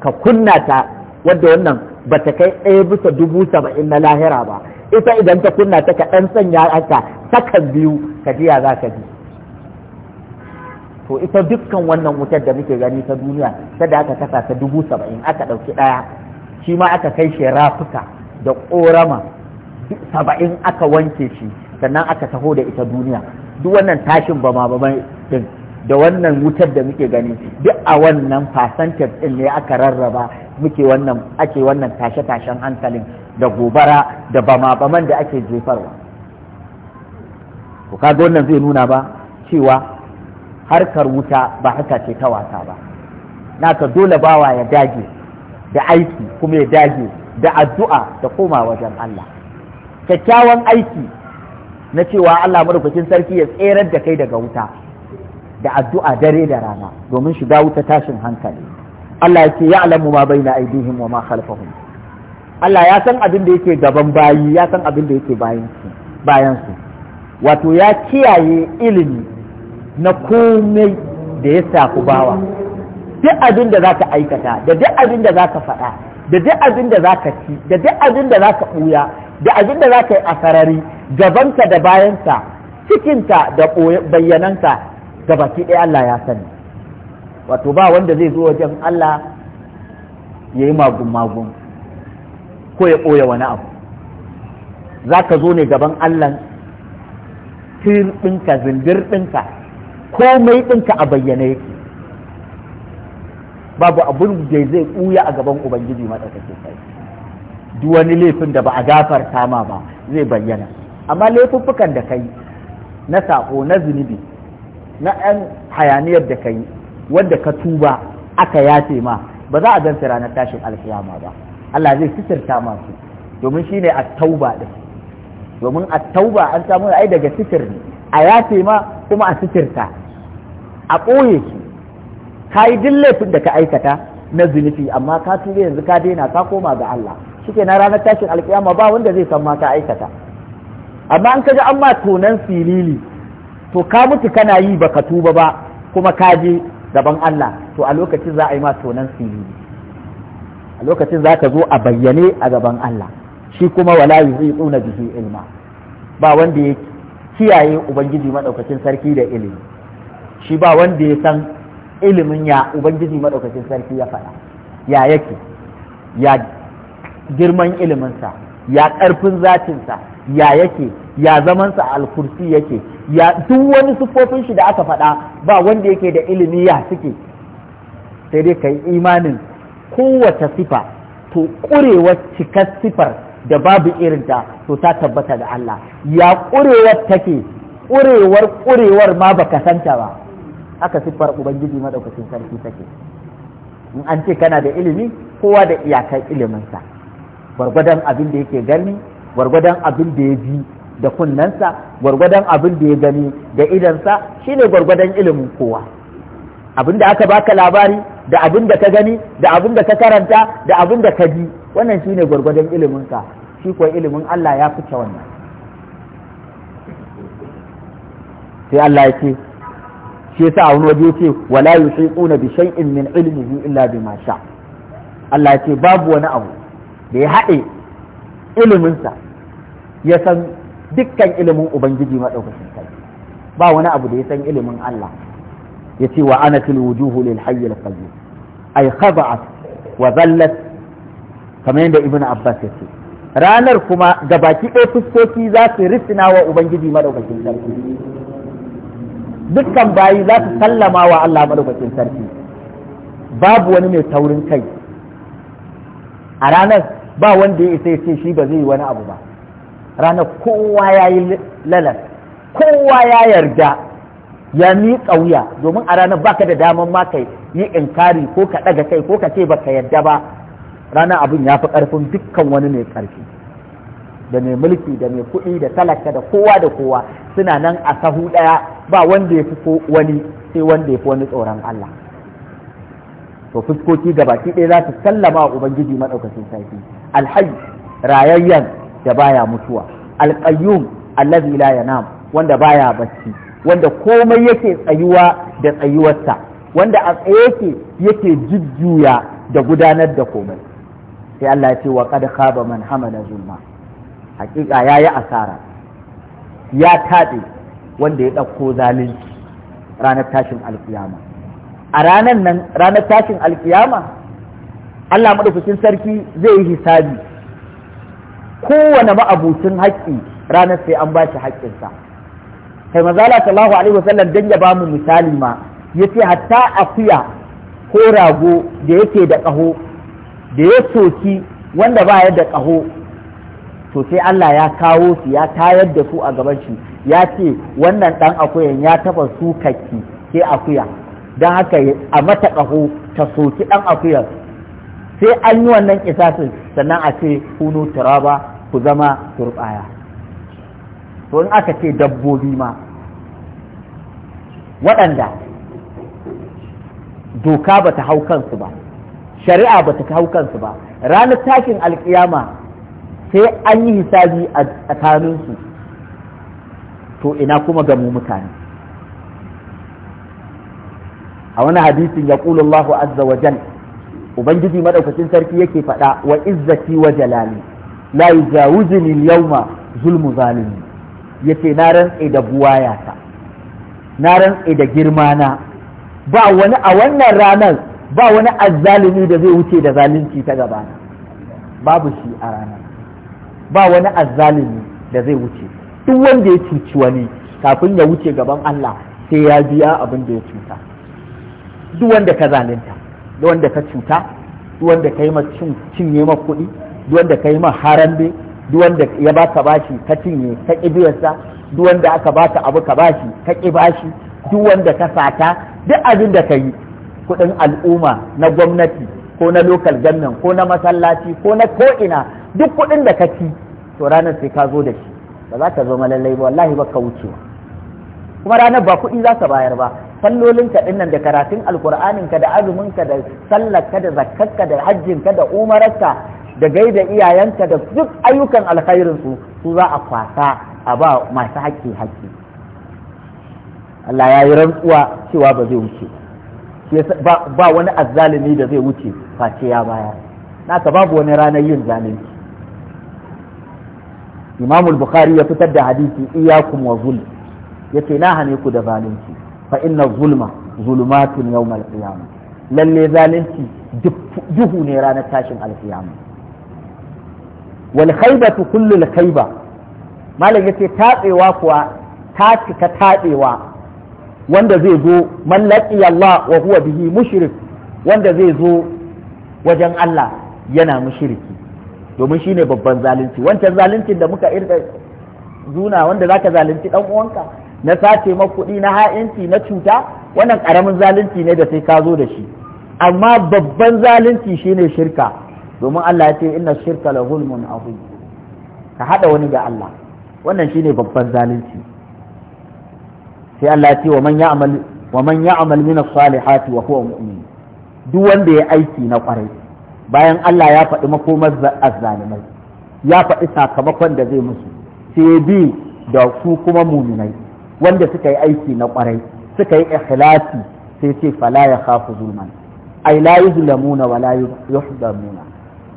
ka kunna ta wadda wannan ba ta kai ɗaya bisa dubu saba'in na lahira ba ita idan ta kunna ta ka ɗan sanya haka sakan biyu ka ji ya za ka ji to ita dukkan wannan wutar da muke gani ta duniya ta da aka kasa ta dubu saba'in aka ɗauki ɗaya shi ma aka kai shi rafuka da ƙorama saba'in aka wanke shi sannan aka taho da ita duniya duk wannan tashin ba ma din da wannan wutar da muke gani duk a wannan fasantar din ne aka rarraba muke wannan ake wannan tashe-tashen hankalin da gobara da bama-baman da ake jefarwa ko kaga wannan zai nuna ba cewa harkar wuta ba haka ce ta wasa ba naka dole bawa ya dage da aiki kuma ya dage da addu'a da koma wajen Allah kyakkyawan aiki na cewa Allah madaukakin sarki ya tserar da kai daga wuta da addu'a dare da rana domin shiga wuta tashin hankali Allah yake alamu ma baina aidihim wa ma khalfahum Allah ya san abin da yake gaban bayi ya san abin da yake bayan su bayan su wato ya kiyaye ilimi na komai da ya saku bawa duk abin da zaka aikata da duk abin da zaka faɗa da duk abin da zaka ci da duk abin da zaka buya. da abin da za ka yi a sarari gabanka da bayanka cikinta da bayyananka ga baki ɗaya Allah ya sani wato ba wanda zai zo wajen Allah ya yi magun-magun ko ya ɓoye wani abu za ka zo ne gaban Allah tir ɗinka zindir ɗinka komai ɗinka a bayyana yake babu abin da zai ɓuya a gaban Ubangiji matsakaikin sarki duk wani laifin da ba a gafarta ma ba zai bayyana amma laifuffukan da kai na sako na zunubi na 'yan hayaniyar da kai wanda ka tuba aka yace ma ba za a gansa ranar tashin alkiyama ba Allah zai sitirta masu domin shine a tauba din domin a tauba an samu ai daga sitir ne a yace ma kuma a sitirta a ɓoye shi ka yi duk laifin da ka aikata na zunubi amma ka tuba yanzu ka daina ka koma ga Allah shike na ranar tashin alkiyama ba wanda zai san mata aikata amma an kaji an ma tonan silili to ka mutu kana yi baka tuba ba kuma ka je gaban Allah to a lokacin za a yi ma tonan silili a lokacin za ka zo a bayyane a gaban Allah shi kuma wala yuziquna bihi ilma ba wanda ya kiyaye ubangiji madaukakin sarki da ilimi shi ba wanda ya san ilimin ya ubangiji madaukakin sarki ya faɗa ya yake ya girman iliminsa ya ƙarfin zatinsa ya yake ya zamansa alkursi yake ya duk wani siffofin shi da aka faɗa ba wanda yake da ilimi ya suke sai dai kai imanin kowace sifa to ƙurewar cikar sifar da babu irinta to ta tabbata da Allah ya ƙurewar take ƙurewar ƙurewar ma baka santa ba aka siffar ubangiji madaukakin sarki take in an ce kana da ilimi kowa da iyakar iliminsa gwargwadon abin da yake gani gwargwadon abin da ya ji da kunnensa gwargwadon abin da ya gani da idansa shine gwargwadon ilimin kowa abin da aka baka labari da abin da ka gani da abin da ka karanta da abin da ka ji wannan shine gwargwadon iliminka shi kuwa ilimin Allah ya fice wannan sai Allah ya ce shi yasa wani waje ce wala yusiquna bi shay'in min ilmihi illa bima sha Allah ya ce babu wani abu da ya haɗe iliminsa ya san dukkan ilimin ubangiji maɗaukacin sarki ba wani abu da ya san ilimin Allah ya ce wa ana fil wujuhu lil hayy al qayyum ay wa zallat kamar yadda ibnu abbas ya ce ranar kuma gabaki ɗaya fuskoki za su risina wa ubangiji maɗaukacin sarki dukkan bayi za su sallama wa Allah maɗaukacin sarki babu wani mai taurin kai a ranar ba wanda ya isa ya ce shi ba zai yi wani abu ba ranar kowa ya yi lalas kowa ya yarda ya miƙa wuya domin a ranar baka da daman ma kai yi inkari ko ka ɗaga kai ko ka ce baka yarda ba ranar abin ya fi ƙarfin dukkan wani mai ƙarfi da mai mulki da mai kuɗi da talaka da kowa da kowa suna nan a sahu ɗaya ba wanda ya fi ko wani sai wanda ya fi wani tsoron Allah to fuskoki gabaki ɗaya za su sallama wa ubangiji maɗaukacin sarki alhaj rayayyan da baya mutuwa alƙayyum allazi la yanam wanda baya bacci wanda komai yake tsayuwa da tsayuwarsa wanda a tsaye yake yake jujjuya da gudanar da komai sai Allah ya ce wa qad khaba man hamala zulma hakika yayi asara ya taɗe wanda ya ɗauko zalunci ranar tashin alkiyama a ranar nan ranar tashin alkiyama Allah madaukakin sarki zai yi hisabi kowane ma'abucin haƙƙi ranar sai an ba shi haƙƙinsa kai mazala sallallahu alaihi wasallam dan ya ba mu misali ma yace hatta akuya ko rago da yake da ƙaho da ya soki wanda ba ya da ƙaho to sai Allah ya kawo su ya tayar da su a gaban shi ya ce wannan ɗan akuyan ya taɓa su kakki ke akuya don haka a mata ƙaho ta soki ɗan akuyar sai an yi wannan kisasin sannan a ce kunu turaba ku zama turbaya to in aka ce dabbobi ma waɗanda doka ba ta hau kansu ba shari'a ba ta hau kansu ba ranar takin alkiyama sai an yi hisabi a tsakaninsu to ina kuma ga mu mutane a wani hadisin ya azza wa jalla ubangiji madaukakin sarki yake faɗa wa izzati wa jalali la yujawizuni yawma zulmu zalimi yace na rantse da buwayata na rantse da girma na ba wani a wannan ranar ba wani azzalimi da zai wuce da zalunci ta gabana babu shi a ranar ba wani azzalimi da zai wuce duk wanda ya cuci wani kafin ya wuce gaban Allah sai ya biya abin da ya cuta duk wanda ka zalunta da wanda ka cuta duk wanda ka yi ma cinye ma kuɗi duk wanda ka yi ma harambe duk wanda ya baka bashi ka cinye ka ƙi biyarsa duk wanda aka baka abu ka bashi ka ƙi bashi duk wanda ka sata duk abin da ka yi kuɗin al'umma na gwamnati ko na lokal gannan ko na masallaci ko na ko'ina duk kuɗin da ka ci to ranar sai ka zo da shi ba za ka zama lallai ba wallahi ba ka wucewa kuma ranar ba kuɗi za ka bayar ba sallolin ka dinnan da karatun alkur'anin ka da azuminka da sallar da zakkarka da hajjin ka da umararka da gaida iyayenka da duk ayyukan alkhairin su su za a kwasa a ba masu haƙƙi haƙƙi Allah ya yi rantsuwa cewa ba zai wuce ba wani azzalimi da zai wuce face ya baya naka babu wani ranar yin zalunci Imamul Bukhari ya fitar da hadisi iyakum wa zulm yace na hane ku da zalunci fa inna zulma zulumatun yau al lalle zalunci duhu ne ranar tashin al-qiyamah wal khaybatu kullu al-khayba tatsewa kuwa ta cika tatsewa wanda zai zo man laqiya Allah bihi mushrik wanda zai zo wajen Allah yana mushriki domin shine babban zalunci wancan zaluncin da muka irga zuna wanda zaka zalunci ɗan uwanka na sace maka kuɗi na ha'inci na cuta wannan ƙaramin zalunci ne da sai ka zo da shi amma babban zalunci shine shirka domin Allah ya ce inna shirka la zulmun azim ka hada wani da Allah wannan shine babban zalunci sai Allah ya ce wa man ya'mal wa man ya'mal salihati wa huwa mu'min duk wanda ya aiki na kwarai bayan Allah ya faɗi makomar azzalimai ya faɗi sakamakon da zai musu sai bi da su kuma muminai wanda suka yi aiki na kwarai suka yi ikhlasi sai ce fala ya khafu zulman ai la yuzlamuna wala yuhdamuna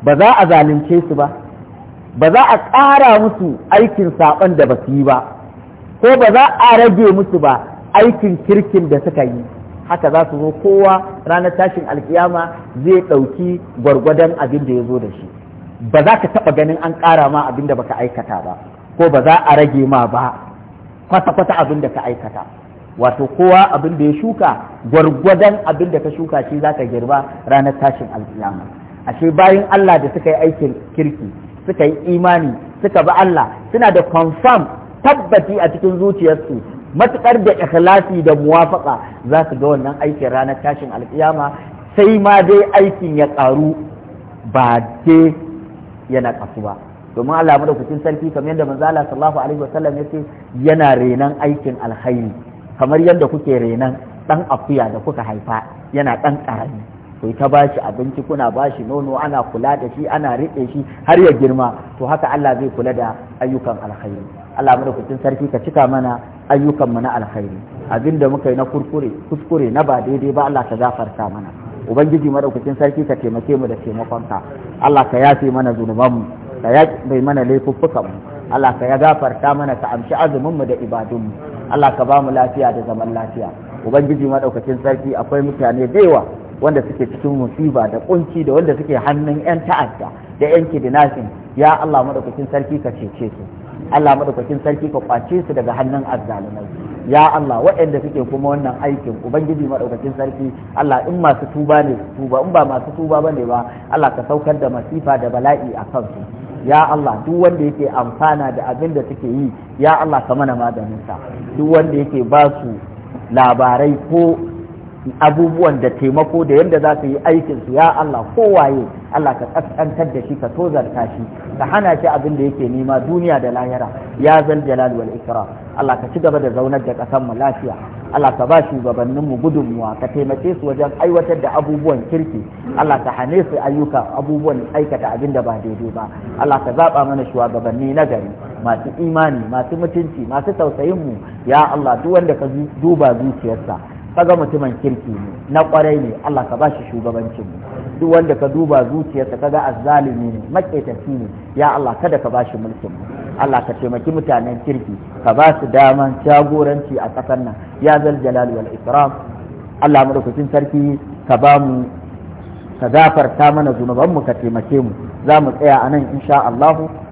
ba za a zalunce su ba ba za a ƙara musu aikin saɓon da ba su yi ba ko ba za a rage musu ba aikin kirkin da suka yi haka za su zo kowa ranar tashin alkiyama zai ɗauki gwargwadon abin da ya zo da shi ba za ka taɓa ganin an ƙara ma abin da baka aikata ba ko ba za a rage ma ba kwata-kwata abin da ka aikata wato kowa abin da ya shuka gwargwadon abin da ka shuka shi za ka girba ranar tashin alkiyama ashe bayan Allah da suka yi aikin kirki suka yi imani suka bi Allah suna da confirm tabbati a cikin zuciyarsu matukar da ikhlasi da muwafaka za su ga wannan aikin ranar tashin alkiyama sai ma dai aikin ya karu ba dai yana kasu ba domin Allah kucin sarki kamar yadda manzo Allah sallallahu alaihi wasallam yace yana renan aikin alkhairi kamar yadda kuke renan dan akuya da kuka haifa yana dan karami to ba bashi abinci kuna bashi nono ana kula da shi ana riƙe shi har ya girma to haka Allah zai kula da ayyukan alkhairi Allah madaukakin sarki ka cika mana ayyukan mu na alkhairi abinda muka yi na kurkure kuskure na ba daidai ba Allah ka gafarta mana ubangiji madaukakin sarki ka taimake mu da taimakonka Allah ka yafe mana zunubanmu ka bai mana laifuffuka mu Allah ka ya gafarta mana ka amshi azumin mu da ibadun mu Allah ka ba mu lafiya da zaman lafiya ubangiji madaukakin sarki akwai mutane da yawa wanda suke cikin musiba da kunci da wanda suke hannun yan ta'adda da yan kidnapping ya Allah madaukakin sarki ka cece su Allah madaukakin sarki ka kwace su daga hannun azzalumai ya Allah waɗanda suke kuma wannan aikin ubangiji madaukakin sarki Allah in masu tuba ne tuba in ba masu tuba bane ba Allah ka saukar da masifa da bala'i a kansu ya Allah duk wanda yake amfana da abin da suke yi ya Allah ka mana maganinsa duk wanda yake ba su labarai ko abubuwan da taimako da yadda za su yi aikin su ya Allah kowaye Allah ka kaskantar da shi ka tozarta shi ka hana shi abin da yake nema duniya da lahira ya zal jalal wal ikram Allah ka ci gaba da zaunar da kasanmu mu lafiya Allah ka ba shugabanninmu gudunmuwa ka taimake su wajen aiwatar da abubuwan kirki Allah ka hane su ayyuka abubuwan aikata abin da ba daidai ba Allah ka zaba mana shugabanni na gari masu imani masu mutunci masu tausayin mu ya Allah duk wanda ka duba zuciyarsa kaga mutumin kirki ne na kwarai ne Allah ka ba shi shugabancin mu duk wanda ka duba zuciyarsa ka ga azzalimi ne maƙetaci ne ya Allah kada ka ba shi mulkin mu Allah ka taimaki mutanen kirki ka ba su daman jagoranci a ƙasar nan ya zal jalal wal ikram Allah madaukakin sarki ka ba mu ka gafarta mana zunubanmu ka taimake mu za mu tsaya a nan insha Allah